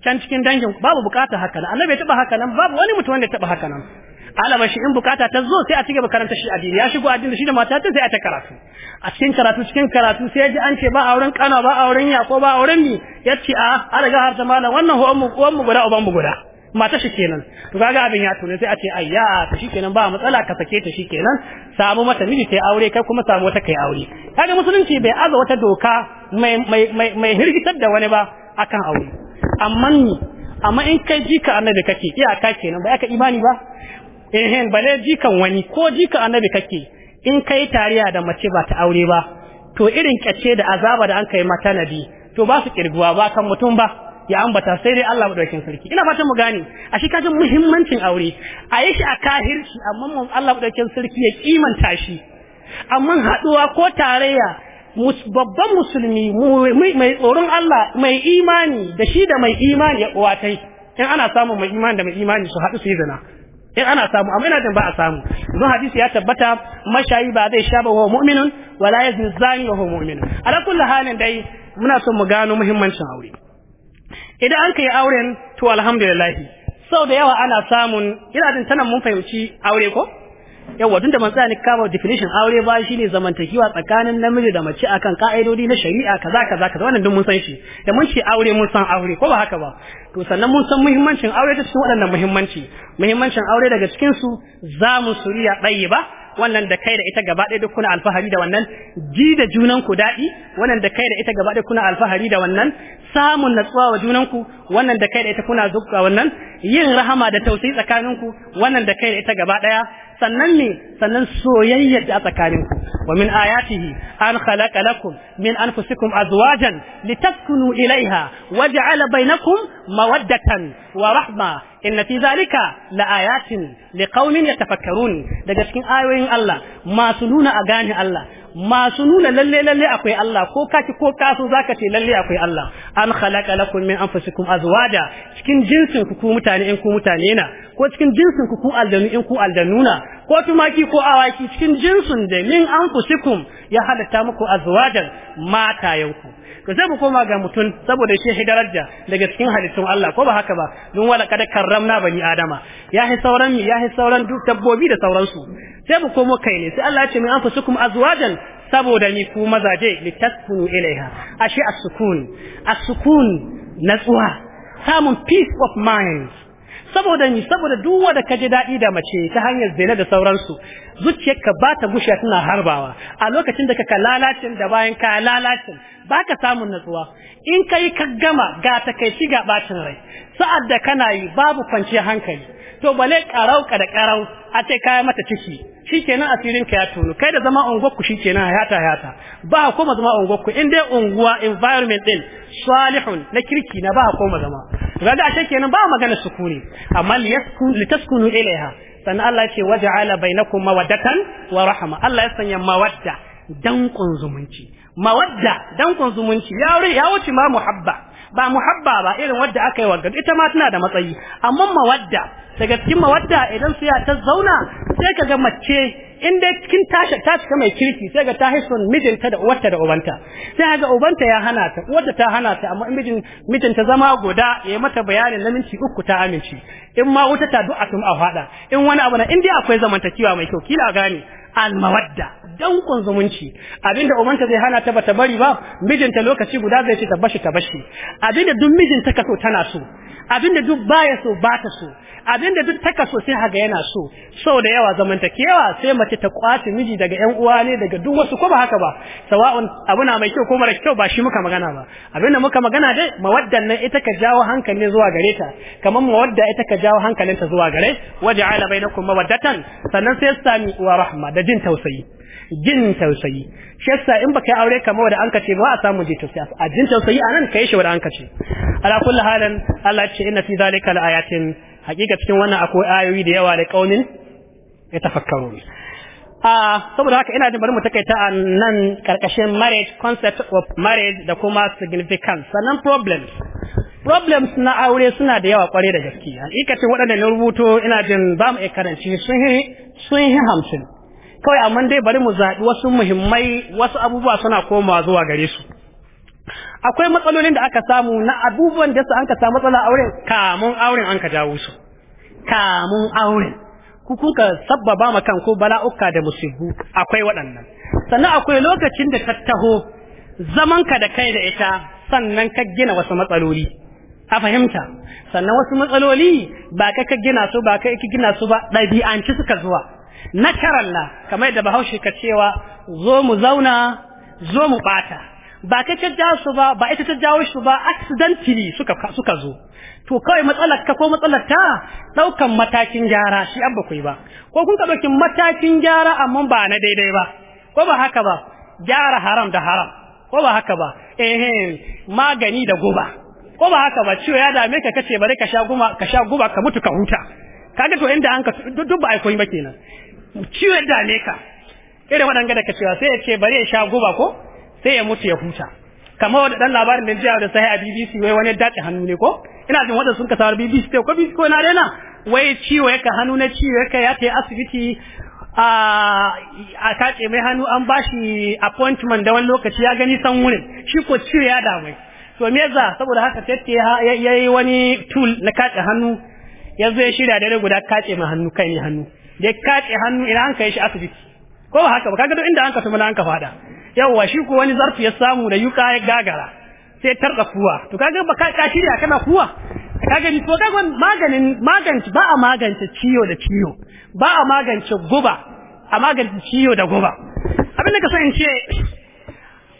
can cikin dangin babu bukata haka nan annabi ya taba haka nan babu wani mutum wanda ya taba haka nan alama shi in bukata ta zo sai a cigaba karanta shi addini ya shigo addini shi da mata ta sai a ta karatu a cikin karatu cikin karatu sai ji an ce ba auren kana ba auren ya ko ba auren ni yace a a daga har ta malam wannan ho mu uwan mu guda uban mu guda mata shi kenan to kaga abin ya tone sai a ce ayya shi kenan ba matsala ka sake ta shi kenan samu mata miji kai aure kai kuma samu wata kai aure kaga musulunci bai aza wata doka mai mai mai hirgitar da wani ba akan aure amma amma in kai jika annabi kake iyaka kenan ba ka imani ba ehen bale jikan wani ko jika annabi kake in kai tariya da mace ba ta aure ba to irin kyace da azaba da an kai mata nabi to ba su kirguwa ba kan mutum ba ya ambata sai dai Allah madaukin sarki ina fatan mu gane a shi kajin muhimmancin aure a yi shi a kahirci amma mun Allah madaukin sarki ya kimanta shi amma haduwa ko tarayya babban musulmi mai tsoron Allah mai imani da shi da mai imani ya kuwatai in ana samun mai imani da mai imani su haɗu su yi zina in ana samu amma ina jin ba a samu don hadisi ya tabbata mashayi ba zai sha ba wa mu'minun wala yazni zani wa mu'minun ala kulli halin dai muna son mu gano muhimmancin aure idan an kai auren to alhamdulillah sau da yawa ana samun ina jin tana mun fahimci aure ko yawa tunda ban tsaya ni kama definition aure ba shine zamantakewa tsakanin namiji da mace akan ka'idodi na shari'a kaza kaza kaza wannan duk mun san shi da mun ce aure mun san aure ko ba haka ba to sannan mun san muhimmancin aure ta cikin waɗannan muhimmanci muhimmancin aure daga cikin su za mu suriya ba wannan da kai da ita gaba ɗaya duk kuna alfahari da wannan ji da junan ku daɗi wannan da kai da ita gaba ɗaya kuna alfahari da wannan samun natsuwa wa junan ku wannan da kai da ita kuna zukka wannan yin rahama da tausayi tsakaninku wannan da kai da ita gaba ɗaya sannan ne sannan soyayya da tsakanin ku wa min ayatihi an khalaqa lakum min anfusikum azwajan litaskunu ilaiha waja'ala ja'ala bainakum mawaddatan wa rahma inna fi zalika laayatin liqaumin yatafakkarun daga cikin ayoyin Allah masu nuna a gane Allah masu nuna lalle lalle akwai Allah ko kaki ko kaso zaka ce lalle akwai Allah an khalaqa lakum min anfusikum azwaja cikin jinsin ku ku mutane in ku mutane na ko cikin jinsin ku ku in ku aljanuna ko tumaki ko awaki cikin jinsin da min anfusikum ya halatta muku azwajan matayanku to sai mu koma ga mutum saboda shi daraja daga cikin halittun Allah ko ba haka ba Mun wala kada karramna bani adama Yahi sauran mi yahi sauran duk dabbobi da sauransu sai mu komo kai ne sai Allah ya ce min anfusukum azwajan saboda ni ku mazaje litaskunu ilaiha ashi as-sukun as-sukun natsuwa samun peace of mind saboda ni saboda duk wanda kaje ji daɗi da mace ta hanyar zina da sauransu zuciyarka ba ta gushe tana harbawa a lokacin da kaka lalacin da bayan ka lalacin baka samun natsuwa in ka yi ka gama ga shi ga bacin rai sa'ad da kana yi babu kwanciyar hankali to bale karau ka da karau a ce kai mata ciki shikenan asirin ka ya tono kai da zama unguwarku shikenan hayata hayata ba kuma zama ku, in dai unguwa environment din salihun na kirki na ba koma zama Gaga da ashe kenan ba magana sukuni amma litaskunu ilaiha sannan Allah ya ce waja'ala bainakum mawaddatan wa rahma Allah ya sanya mawadda dankon zumunci mawadda dankon zumunci ya wuce ma muhabba ba muhabba ba irin wadda aka yi wagga ita ma tana da matsayi amma mawadda daga cikin mawadda idan su ya ta zauna sai ka ga mace in dai cikin tasha ta cika mai kirki sai ga ta haisun mijinta da uwarta da ubanta sai ga ubanta ya hana ta uwarta ta hana ta amma mijin mijinta zama goda ya mata bayanin na minti uku ta amince in ma wuta ta du'a tun a fada in wani abu na in dai akwai zamantakewa mai kyau kila gani almawadda dankon zumunci abinda umanta zai hana ta bata bari ba mijinta lokaci guda zai ce ta bashi ta bashi abinda duk mijinta kaso tana so Abin da duk baya so ba ta so da duk taka so sai haga yana so sau da yawa zamantakewa sai mace ta kwace miji daga yan uwa ne daga duk wasu ko ba haka ba sawa'un abuna mai kyau ko mara kyau ba shi muka magana ba abinda muka magana dai mawaddan nan ita ka jawo hankalin zuwa gare ta kamar mawadda ita ka jawo hankalin ta zuwa gare waja'ala bainakum mawaddatan sannan sai sami wa rahma da jin tausayi jin tausayi shi yasa in baka yi aure kamar wanda an kace ba a samu jin tausayi a jin tausayi anan kai shi wanda an kace ala kulli halin Allah ce inna fi zalika ayatin hakika cikin wannan akwai ayoyi da yawa da kaunin ya tafakkaru a saboda haka ina da bari mu takaita a nan karkashin marriage concept of marriage da kuma significance sannan problems problems na aure suna da yawa kwarai da gaskiya hakikatin waɗanda na rubutu ina jin za mu iya karanci sun yi hamsin kawai amma dai bari mu zaɓi wasu muhimmai wasu abubuwa suna komawa zuwa gare su akwai matsalolin da aka samu na abubuwan da su an ka samu matsala auren kamun auren an ka jawo su kamun auren ku kuka sabbaba ma kan ko bala'uka da musibu akwai waɗannan sannan akwai lokacin da tattaho ka da kai da ita sannan ka gina wasu matsaloli a fahimta sannan wasu matsaloli ba ka ka gina su ba ka gina su ba ɗabi'anci suka zuwa na karalla kamar da bahaushe ka cewa zo mu zauna zo mu bata ba ka ta jawo su ba ba ita ta jawo shi ba accidentally suka suka zo to kawai matsalar ka ko matsalar ta daukan matakin gyara shi an bakwai ba ko kun ka dauki matakin gyara amma ba na daidai ba ko ba haka ba gyara haram da haram ko ba haka ba eh magani da guba ko ba haka ba ciwo ya dame ka kace bari ka sha guma ka sha guba ka mutu ka huta kaga to inda an ka duk ba ai koyi ba kenan ciwo dame ka irin waɗanda ka cewa sai ya ce bari ya sha guba ko sai ya mutu ya huta kamar wadda ɗan labarin da jiya da sahi a BBC wai wani dace hannu ne ko ina jin wadda sun kasawar BBC ko BBC ko na daina wai ciwo yaka hannu na ciwo yaka ya ta asibiti a kace mai hannu an ba shi appointment da wani lokaci ya gani san wurin shi ko ciwo ya damai to me za saboda haka ya yi wani tool na kace hannu yanzu ya shirya dare guda kace mai hannu kai ne hannu da ya kace hannu ina an kai shi asibiti ko ba haka ba kaga duk inda an kasu mana an ka fada yawwa shi ko wani zarfi ya samu da yuka ya gagara sai tarda kuwa to kaga ba ka kashi da kana kuwa kaga ni to kaga maganin magance ba a magance ciwo da ciwo ba a magance guba a magance ciwo da guba abin da ka so in ce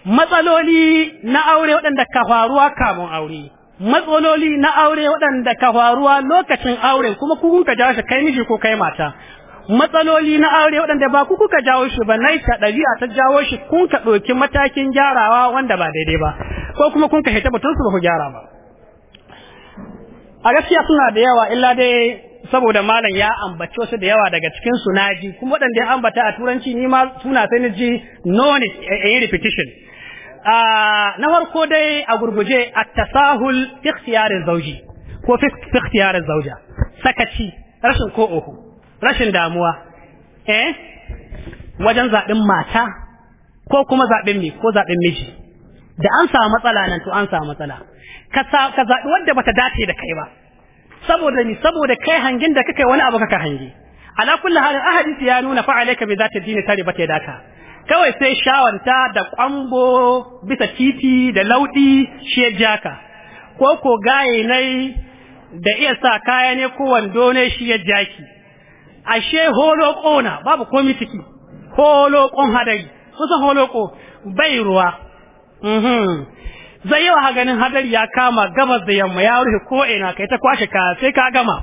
matsaloli na aure waɗanda ka faruwa kamun aure matsaloli na aure waɗanda ka faruwa lokacin aure kuma ku ka jawo shi kai miji ko kai mata matsaloli na aure waɗanda ba ku kuka jawo shi ba ɗari a ta jawo shi kun ka ɗauki matakin gyarawa wanda ba daidai ba ko kuma kun ka hita su ba ku gyara ba a gaskiya suna da yawa illa dai saboda malam ya ambaci wasu da yawa daga cikin su naji kuma waɗanda ya ambata a turanci ni ma suna sai ni ji non a repetition na farko dai a gurguje at-tasahul fi ikhtiyarin zawji ko fi ikhtiyarin zawja sakaci rashin ko oho rashin damuwa eh wajen zaɓin mata ko kuma zaɓin ne ko zaɓin miji da an samu matsala nan to an samu matsala ka ka zaɓi wanda bata dace da kai ba saboda ni saboda kai hangin da kake wani abu kaka hangi ala kulli halin ahadisi ya nuna fa'alaika bi zati dini tare bata daka kawai sai shawanta da kwambo bisa titi da laudi shi ya jaka ko ko gaye nai da iya sa kaya ne ko wando ne shi ya jaki ashe holoko na babu komi ciki holokon hadari kusan holoko bai ruwa mhm. zai yawa ganin hadari ya kama gabas da yamma ya rufe ko'ina kai ta kwashe ka sai ka gama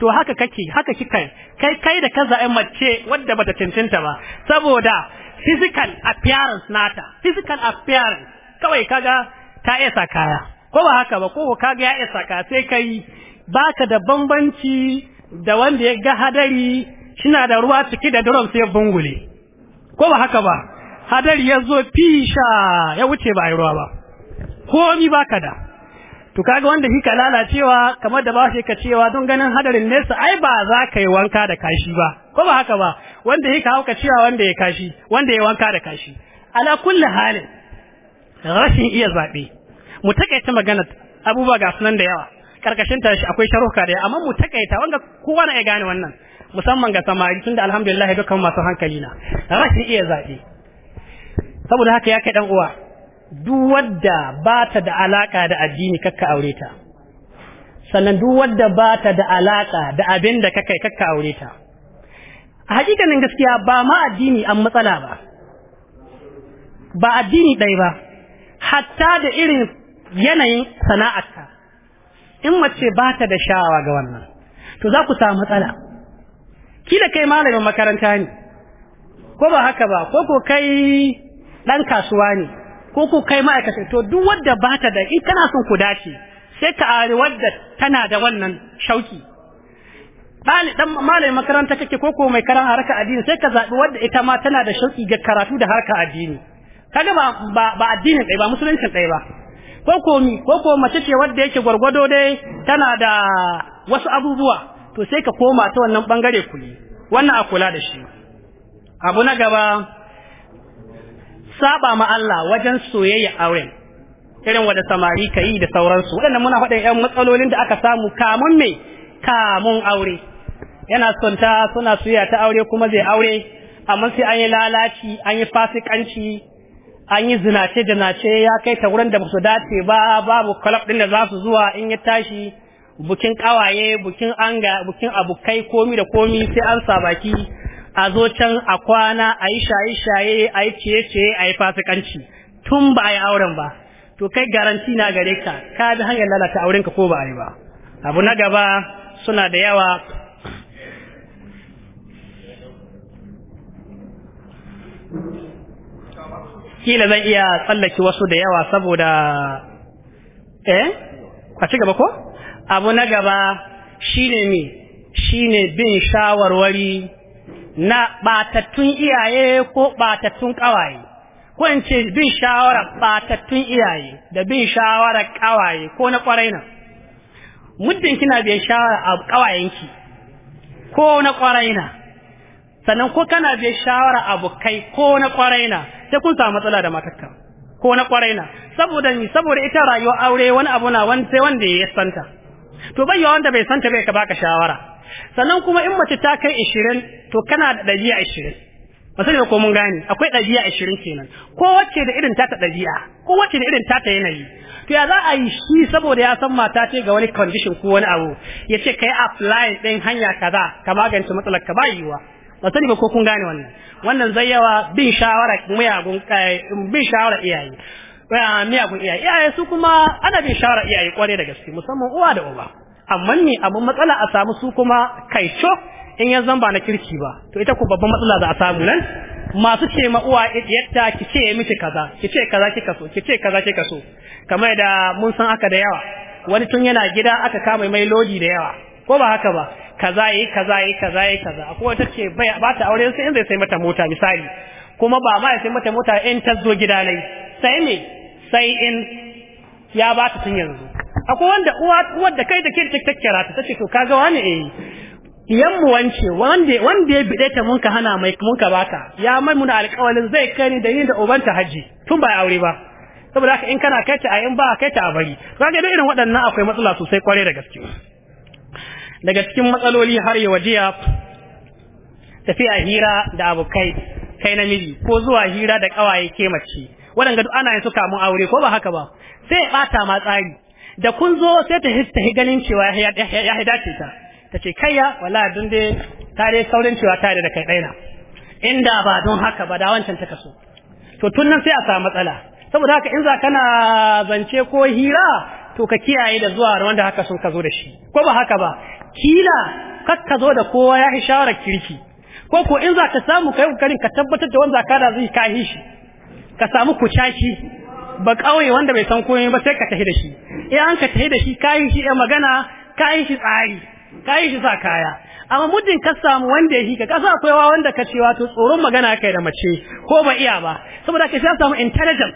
to haka kake haka kika kai kai da kaza ai mace wadda bata cancanta ba saboda physical appearance nata physical appearance kawai kaga ta isa kaya ko ba haka ba ko kaga ya isa kaya sai kai baka da bambanci da wanda ya ga hadari shina da ruwa cike da drum sai bungule ko ba haka ba hadari ya zo fisha ya wuce ba ruwa ba komi baka da to kaga wanda kika lalacewa kamar da ba shi ka cewa don ganin hadarin nesa ai ba za ka yi wanka da kashi ba ko ba haka ba wanda kika hauka cewa wanda ya kashi wanda ya wanka da kashi ala kulli halin rashin iya zabe mu ta magana abubuwa ga sunan da yawa karkashin ta akwai sharuka da amma mu takaita wanda kowa na ya gane wannan musamman ga samari tunda alhamdulillah dukkan masu hankali na rashin iya zaɓe saboda haka ya kai dan uwa duk wadda ba ta da alaka da addini kakka aure ta sannan duk wadda ba ta da alaka da abin da kakai kakka aure ta a hakikanin gaskiya ba ma addini an matsala ba ba addini ɗaya ba hatta da irin yanayin sana'arka in mace ba ta da shawa ga wannan to za ku samu matsala kila kai malamin makaranta ne ko ba haka ba ko ko kai dan kasuwa ne ko ko kai ma'aikata to duk wadda ba ta da in kana son ku dace sai ka ari wadda tana da wannan shauki dan malamin makaranta kake ko ko mai karan harka addini sai ka zabi wadda ita ma tana da shauki ga karatu da harka addini kaga ba ba addinin ɗaya ba musuluncin ɗaya ba ko ko mi ko ko mace ce wadda yake gwargwado dai tana da wasu abubuwa to sai ka koma ta wannan bangare kuli wannan a kula da shi abu na gaba saba ma Allah wajen soyayya auren irin wanda samari ka da sauransu waɗannan muna faɗin ƴan matsalolin da aka samu kamun me kamun aure yana son ta suna soyayya ta aure kuma zai aure amma sai an yi lalaci an yi fasikanci an yi zinace da nace ya kai ta wurin da ba su dace ba babu club din da za su zuwa in ya tashi bukin kawaye bukin anga bukin abukai komi da komi sai an sabaki a zo can a kwana a yi shaye-shaye a yi ciye-ciye a yi fasikanci tun ba a yi auren ba to kai garanti na gare ka ka bi hanyar lalata aurenka ko ba a yi ba abu na gaba suna da yawa kila zan iya tsallake wasu da yawa saboda eh a ci gaba ko abu na gaba shine mi shine bin shawarwari na batattun iyaye ko batattun kawaye ko in ce bin shawara batattun iyaye da bin shawara kawaye ko na kwarai na muddin kina bin shawara a kawayenki ko na kwarai na sannan ko kana bai shawara abokai ko na kwaraina, sai kun samu matsala da matakka ko na kwaraina, saboda ni saboda ita rayuwar aure wani abu na wani sai wanda ya santa to bai wanda bai santa bai ka baka shawara sannan kuma in mace ta kai 20 to kana da dajiya 20 ba sai ko mun gane akwai dajiya 20 kenan ko wacce da irin tata dajiya ko wacce da irin tata yanayi to ya za a yi shi saboda ya san mata ce ga wani condition ko wani abu ya ce kai apply din hanya kaza ka magance matsalar ka ba yiwa ba sani ba ko kun gane wannan wannan zai yawa bin shawara miyagun eh, bin shawara iyaye eh, miyagun iyaye iyaye su kuma ana bin shawara iyaye kware da gaske musamman uwa da uba amma ni abun matsala a samu su kuma kai kaico in ya zan ba na kirki ba to ita ko babban matsala za a samu nan masu ce ma uwa yadda ki ce miki kaza ki ce kaza ki kaso, ki ce kaza ki kaso, kamar da mun san aka da yawa wani tun yana gida aka kama mai lodi da yawa ko ba haka ba kaza yi kaza yi kaza yi kaza akwai wata ce bai ba ta aure sai in zai sai mata mota misali kuma ba ma sai mata mota in ta zo gida nai sai me sai in ya ba ta tun yanzu akwai wanda uwa uwar da kai da ke ta kira ta tace to kaga wani eh yan mu wance wanda wanda ya bide ta mun ka hana mai mun ka baka ya mai muna alƙawarin zai kai ni da yin da ubanta haji tun ba aure ba saboda haka in kana kai ta a in ba kai ta a bari kaga dai irin waɗannan akwai matsala sosai kwarai da gaske daga cikin matsaloli har yau tafi tafiya hira da abokai kai namiji ko zuwa hira da kawaye ke mace waɗanda duk ana yin su mun aure ko ba haka ba sai bata ma tsari da kun zo sai ta hista ganin cewa ya dace ta ta ce kayya wala dun dai tare saurin cewa tare da kai ɗaina inda ba don haka ba da wancan ta kaso to tun nan sai a samu matsala saboda haka in za kana zance ko hira to ka kiyaye da zuwa wanda haka sun ka zo da shi ko ba haka ba kila kakka zo da kowa ya isharar kirki ko ko in za ka samu kai kokarin ka tabbatar da wanda ka da zai kahi shi ka samu kucaci ba kauye wanda bai san komai ba sai ka tafi da shi eh an ka tafi da shi kayi shi ya magana kayi shi tsari kayi shi sa kaya amma muddin ka samu wanda ya ka kasa akwai wa wanda ka ce wato tsoron magana kai da mace ko ba iya ba saboda ka sai samu intelligent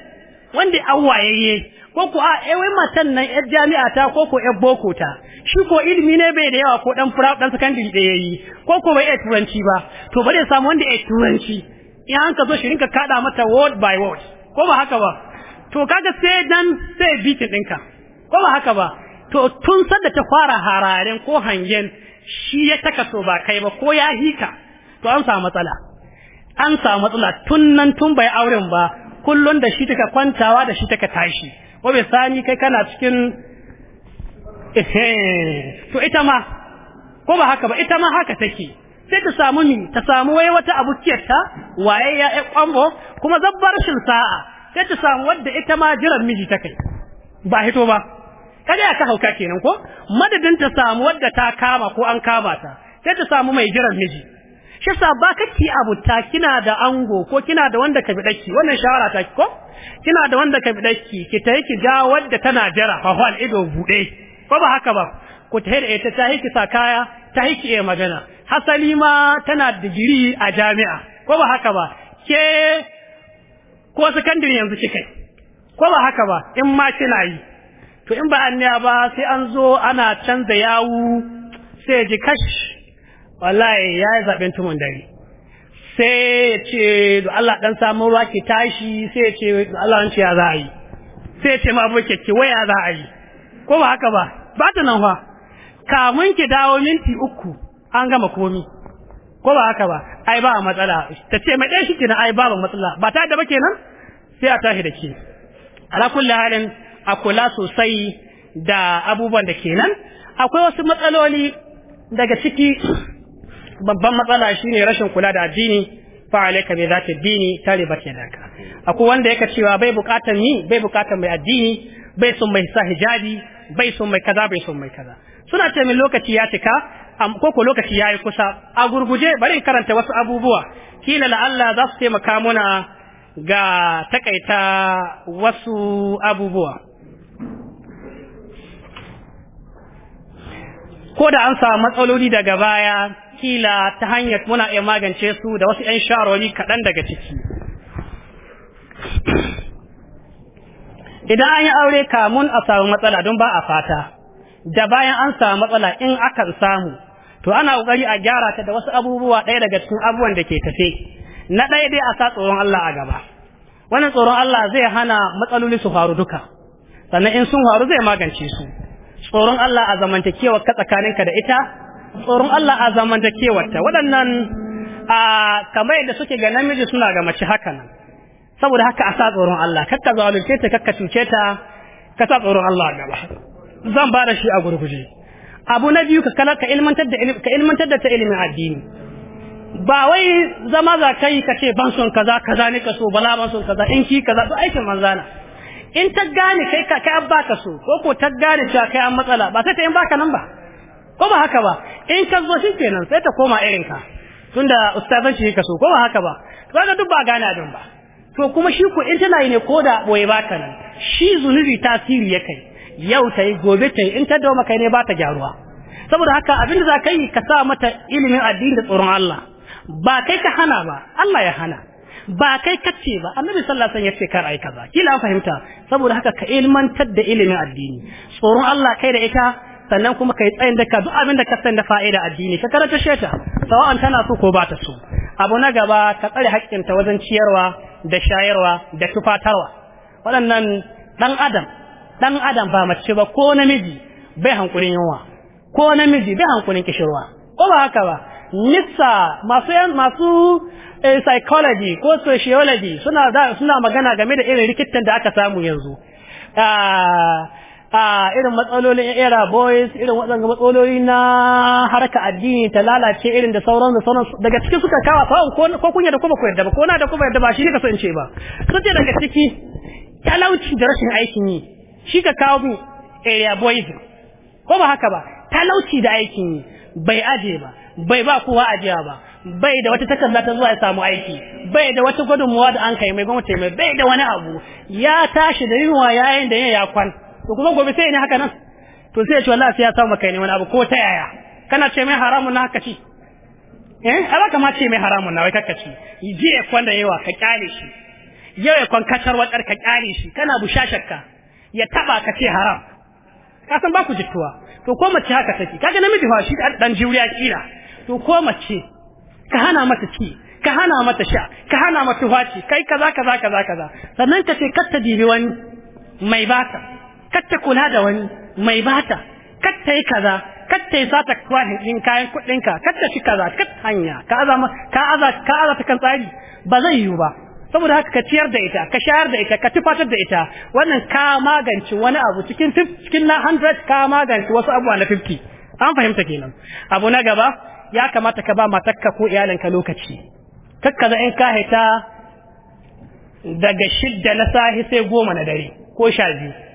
wanda awwayeye ko ko a eh wai matan nan yar jami'a ta ko ko yar boko ta shi ko ilimi ne bai da yawa ko dan fura dan sakandiri da yayi ko ko bai iya turanci ba to bare samu wanda iya turanci in an ka zo shi rinka kada mata word by word ko ba haka ba to kaga sai dan sai bitin dinka, ko ba haka ba to tun sanda ta fara hararen ko hangen shi ya taka so ba kai ba ko ya hika to an samu matsala an samu matsala tun nan tun bai auren ba kullun da shi take kwantawa da shi take tashi Ko bai sani kai kana cikin eh, to ita ma ko ba haka ba ita ma haka take sai ta samu ni ta samu wai wata abukiyarta waye ya ya kwambo kuma zabbar shin sa'a sai ta samu wadda ita ma jiran miji ta kai ba hito ba kada ya ka hauka kenan ko madadin ta samu wadda ta kama ko an kama ta sai ta samu mai jiran miji shi yasa ba kake abuta kina da ango ko kina da wanda ka bidaki wannan shawara ta ko kina da wanda ka bidaki ki tayi ki ja wanda tana jira fa hal ido bude ko ba haka ba ku tayi da ita tayi ki sa kaya tayi ki yi magana hasali ma tana digiri a jami'a ko ba haka ba ke ko sakandare yanzu kike ko ba haka ba in ma kina yi to in ba anniya ba sai an zo ana canza yawu sai ji kashi. wallahi ya yi zaɓen tumun dare sai ya ce da Allah ɗan samun ruwa tashi sai ya ce da Allah wance ya za a yi sai ya ce ma abu wai ya za a yi ko ba haka ba ba ta nan fa kamun ki dawo minti uku an gama komi ko ba haka ba ai ba matsala ta ce mai ɗaya shi kenan ai ba matsala ba ta da ba kenan sai a tashi da ke ala kulli halin a kula sosai da abubuwan da kenan akwai wasu matsaloli daga ciki babban matsala shine rashin kula da addini fa alaika bi zati dini talibat yadaka akwai wanda yake cewa bai bukatan ni bai bukatan mai addini bai son mai sa hijabi bai son mai kaza bai son mai kaza suna ce min lokaci ya cika ko ko lokaci yayi kusa a gurguje bari in karanta wasu abubuwa kila la Allah za su taimaka muna ga takaita wasu abubuwa ko da an samu matsaloli daga baya kila ta hanyar muna iya magance su da wasu 'yan sha'arori kaɗan daga ciki idan an yi aure kamun a samu matsala don ba a fata da bayan an samu matsala in aka samu to ana ƙoƙari a gyara ta da wasu abubuwa ɗaya daga cikin abubuwan da ke tafe na ɗaya dai a sa tsoron Allah a gaba wannan tsoron Allah zai hana matsaloli su faru duka sannan in sun faru zai magance su tsoron Allah a zamantakewa ka tsakaninka da ita tsoron Allah a zamantakewarta waɗannan a kamar yadda suke ga namiji suna ga mace haka nan saboda haka a sa tsoron Allah kakka zalunce ta kakka cuce ta ka sa tsoron Allah gaba zan ba da shi a gurguje abu na biyu ka kala ka ilmantar da ka ilmantar da ta ilimin addini ba wai zama za kai ka ce ban son kaza kaza ne ka so bala ban son kaza in ki kaza to aikin manzana in ta gane kai ka kai an baka so ko ko ta gane cewa kai an matsala ba sai ta yin baka nan ba ko ba haka ba in ka zo shi kenan sai ta koma irin ka tunda ustazan shi ka so ko ba haka ba kaga duk ba gane abin ba to kuma shi ko in tana yi ne ko da boye baka nan shi zunubi tasiri ya kai yau tai gobe tai in ta dawo kai ne ba ta gyaruwa saboda haka abin da za ka yi ka sa mata ilimin addini da tsoron Allah ba kai ka hana ba Allah ya hana ba kai ka ce ba annabi sallallahu alaihi wasallam ce kar ai kaza kila an fahimta saboda haka ka ilmantar da ilimin addini tsoron Allah kai da ita sannan kuma kai tsayin ka duk abin da ka san da fa'ida addini ka karanta sheta sawa'an tana so ko ba ta so abu na gaba ka tsare haƙƙinta wajen ciyarwa da shayarwa da tufatarwa waɗannan dan adam dan adam ba mace ba ko namiji bai hankulin yunwa ko namiji bai hankulin kishirwa ko ba haka ba nisa masu masu eh, psychology ko sociology suna suna magana game da irin rikitan da aka samu yanzu ah, a irin matsalolin era boys irin waɗanda matsaloli na harka addini ta lalace irin da sauran da sauran daga ciki suka kawo fa'on ko kunya da kuma ku yarda ba ko na da kuma yarda ba shi ne ka so in ce ba sun ce daga ciki talauci da rashin aikin yi shi ka kawo mu area boys ko ba haka ba talauci da aikin yi bai aje ba bai ba kowa ajiya ba bai da wata takarda ta zuwa ya samu aiki bai da wata gudunmuwa da an kai mai gwamnati mai bai da wani abu ya tashi da yunwa yayin da ya yakwan to kuma gobe sai ne haka nan to sai ya ce wallahi sai ya samu kai ne wani abu ko ta yaya kana ce mai haramun na haka ci eh ala kama ce mai haramun na wai kaka ci je ya kwanda yawa ka kyale shi yau ya kwan kasar wadar ka kyale shi kana bushashakka ya taba ka ce haram ka san ba ku jittuwa to ko mace haka take kaga namiji fa shi dan juriya kila to ko mace ka hana mata ci ka hana mata sha ka hana mata faci kai kaza kaza kaza kaza sannan ka ce kar ta dibi wani mai baka katta kula da wani mai bata katta yi kaza katta yi sata da yin kayan kuɗinka, katta ci kaza kat hanya ka aza ka aza ka aza ta kan tsari ba zai yiwu ba saboda haka ka ciyar da ita ka shayar da ita ka tufatar da ita wannan ka magance wani abu cikin cikin na 100 ka magance wasu abubuwa na 50 an fahimta kenan abu na gaba ya kamata ka ba matakka ko iyalinka lokaci kakkaza in ka haita daga shidda na sahi sai goma na dare ko sha biyu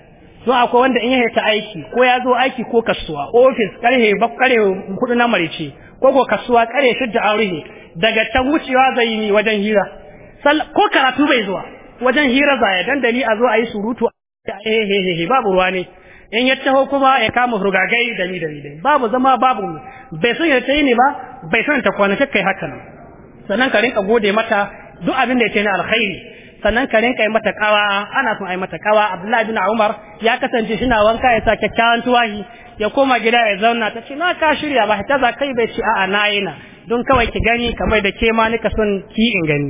don akwai wanda in ya ta aiki ko ya zo aiki ko kasuwa ofis karhe karhe kudin na marice ko ko kasuwa karhe shidda aure daga ta wucewa zai yi wajen hira ko karatu bai zuwa wajen hira zaya dan ni a zo a yi surutu eh, eh, eh babu ruwa ne in ya taho kuma ya kama rugagai da ni da ni babu zama babu bai san ya tayi ne ba bai san ta kwana kai haka nan sannan ka rinka gode mata duk abin da ya tayi na alkhairi sannan ka rinka yi mata kawa ana son a mata kawa abdullahi bin umar ya kasance shi wanka ya sa kyakkyawan tuwahi ya koma gida ya zauna ta ce na ka shirya ba ta za kai bai ce a'a na yi na don kawai ki gani kamar da ke ma nika son ki in gani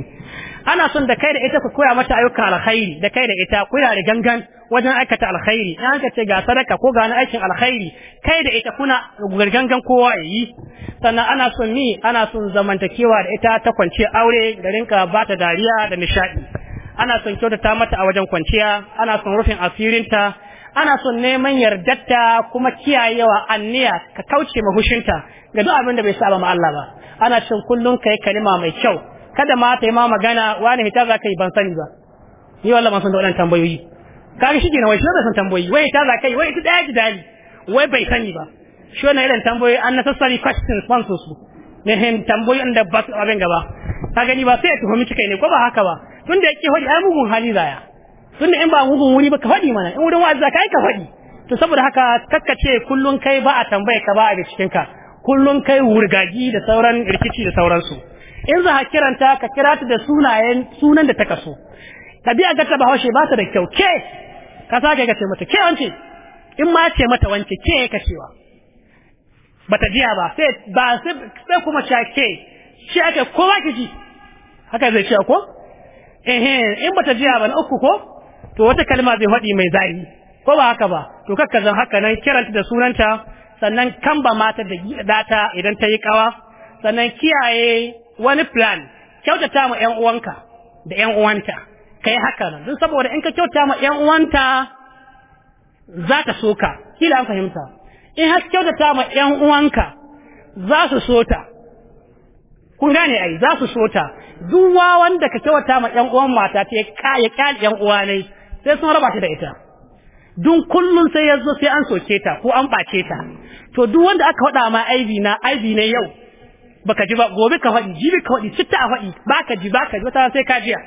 ana son da kai da ita ku koya mata ayyukan alkhairi da kai da ita ku da gangan wajen aikata alkhairi in aka ce ga sadaka ko ga aikin alkhairi kai da ita kuna gangan kowa yi sannan ana son ni ana son zamantakewa da ita ta kwance aure da rinka bata dariya da nishaɗi. ana son kyautata mata a wajen kwanciya ana son rufin asirinta ana son neman yardarta kuma kiyayewa anniya ka kauce mahushinta ga duk abin da bai saba ma Allah ba ana cin kullun kai kalima mai kyau kada ma ta yi ma magana wani hita za ka yi ban sani ba ni wallahi ban san da wadannan tambayoyi kaga shi kenan wai shi da san tambayoyi wai hita za ka yi wai ita daya ji dali wai bai sani ba shi wannan irin tambayoyi an unnecessary questions fansu su ne hin tambayoyin da ba su abin gaba ka gani ba sai ya tuhumi kai ne ko ba haka ba tunda yake hodi ai mugun hali zaya tunda in ba mugun wuri ba ka faɗi mana in wurin wa'azi kai ka hodi to saboda haka kakkace kullun kai ba a tambaye ka ba a ga cikin ka kullun kai wurgaji da sauran rikici da sauransu in za ka kiranta ka kira ta da sunayen sunan da ta kaso tabi'a ga ta bahaushe ba ta da kyau ke ka sake ka ce mata ke wance in ma ce mata wance ke ka cewa bata jiya ba sai ba sai kuma shake shi aka kowa ki ji haka zai ce ko eh in bata jiya ba na uku ko to wata kalma bai faɗi mai zari ko ba haka ba to kakka zan haka nan kiranta da sunanta sannan kan ba mata da data idan ta yi kawa sannan kiyaye wani plan kyautata ma ƴan uwanka da ƴan uwanta kai haka nan don saboda in ka kyauta ma ƴan uwanta za ka so ka kila an fahimta in har kyautata ma ƴan uwanka za su so ta kun gane ai za su so ta duk wawan da ka kyauta ma ƴan uwan mata ta ya kaya kyal ƴan uwa ne sai sun raba ta da ita dun kullun sai ya zo sai an soke ta ko an bace ta to duk wanda aka faɗa ma aibi na aibi ne yau baka ji ba gobe ka faɗi jibi ka faɗi citta a faɗi baka ji baka ji wata sai ka jiya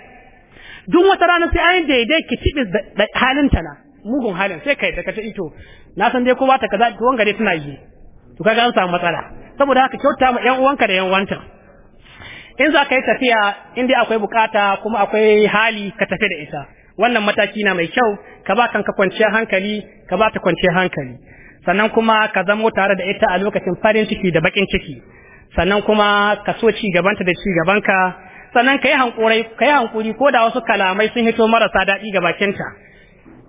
duk wata rana sai an daidai ki tibis halin ta na mugun halin sai kai daga ta ito na san dai ko ba ta kaza to wanga dai tana yi to kaga an samu matsala saboda haka kyauta ma ƴan uwanka da ƴan uwanta in za ka yi tafiya in dai akwai bukata kuma akwai hali ka tafi da ita wannan mataki na mai kyau ka ba kanka kwanciyar hankali ka ba ta kwanciyar hankali sannan kuma ka zamo tare da ita a lokacin farin ciki da bakin ciki sannan kuma ka so ci gabanta da ci gabanka sannan ka yi hankurai ka hankuri ko da wasu kalamai sun hito marasa daɗi ga bakinta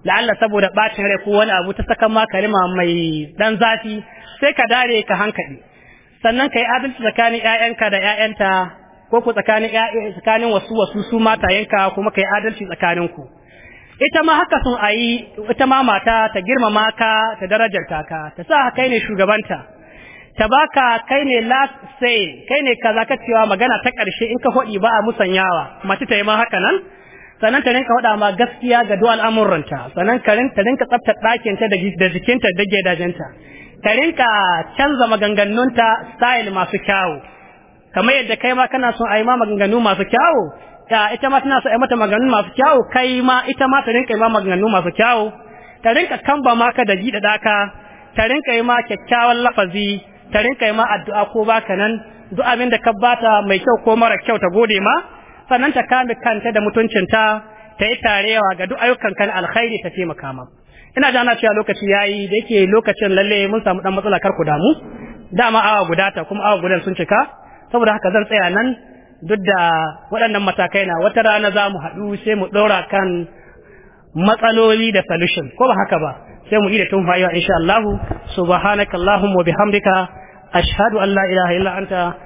la'alla saboda bacin rai ko wani abu ta saka ma kalima mai dan zafi sai ka dare ka hankali sannan ka yi adalci tsakanin 'ya'yanka da 'ya'yanta ko ku tsakanin tsakanin wasu wasu su mata yanka kuma kai adalci tsakanin ku ita ma haka sun ayi ita ma mata ta girmama ka ta darajar ka ta sa kai ne shugabanta ta baka kai ne last say kai ne kaza ka cewa magana ta karshe in ka hodi ba a musanyawa mace ta yi ma haka nan sannan ta rinka hoda ma gaskiya ga duk al'amuranta sannan ka rinka rinka tsaftar ɗakin ta da jikinta da gidajenta ta rinka canza maganganunta style masu kyawu kamar yadda kai ma kana son a yi ma maganganu masu kyawu ta ita ma tana son a mata maganganu masu kyawu kai ma ita ma ta rinka yi ma maganganu masu kyawu ta rinka kamba maka da ji da daka ta rinka yi ma kyakkyawan lafazi ta rinka yi ma addu'a ko ba ka nan duk abin da ka bata mai kyau ko mara kyau ta gode ma sannan ta kame kanta da mutuncinta ta yi tarewa ga duk ayyukan kan alkhairi ta taimaka ma ina jana cewa lokaci yayi da yake lokacin lalle mun samu dan matsala kar ku damu dama awa guda ta kuma awa gudan sun cika saboda haka zan tsaya nan duk da waɗannan matakai na wata rana za mu haɗu sai mu ɗora kan matsaloli da solution ko ba haka ba sai mu yi da tunfayewa insha Allah subhanakallahumma wa bihamdika ashhadu an la ilaha illa anta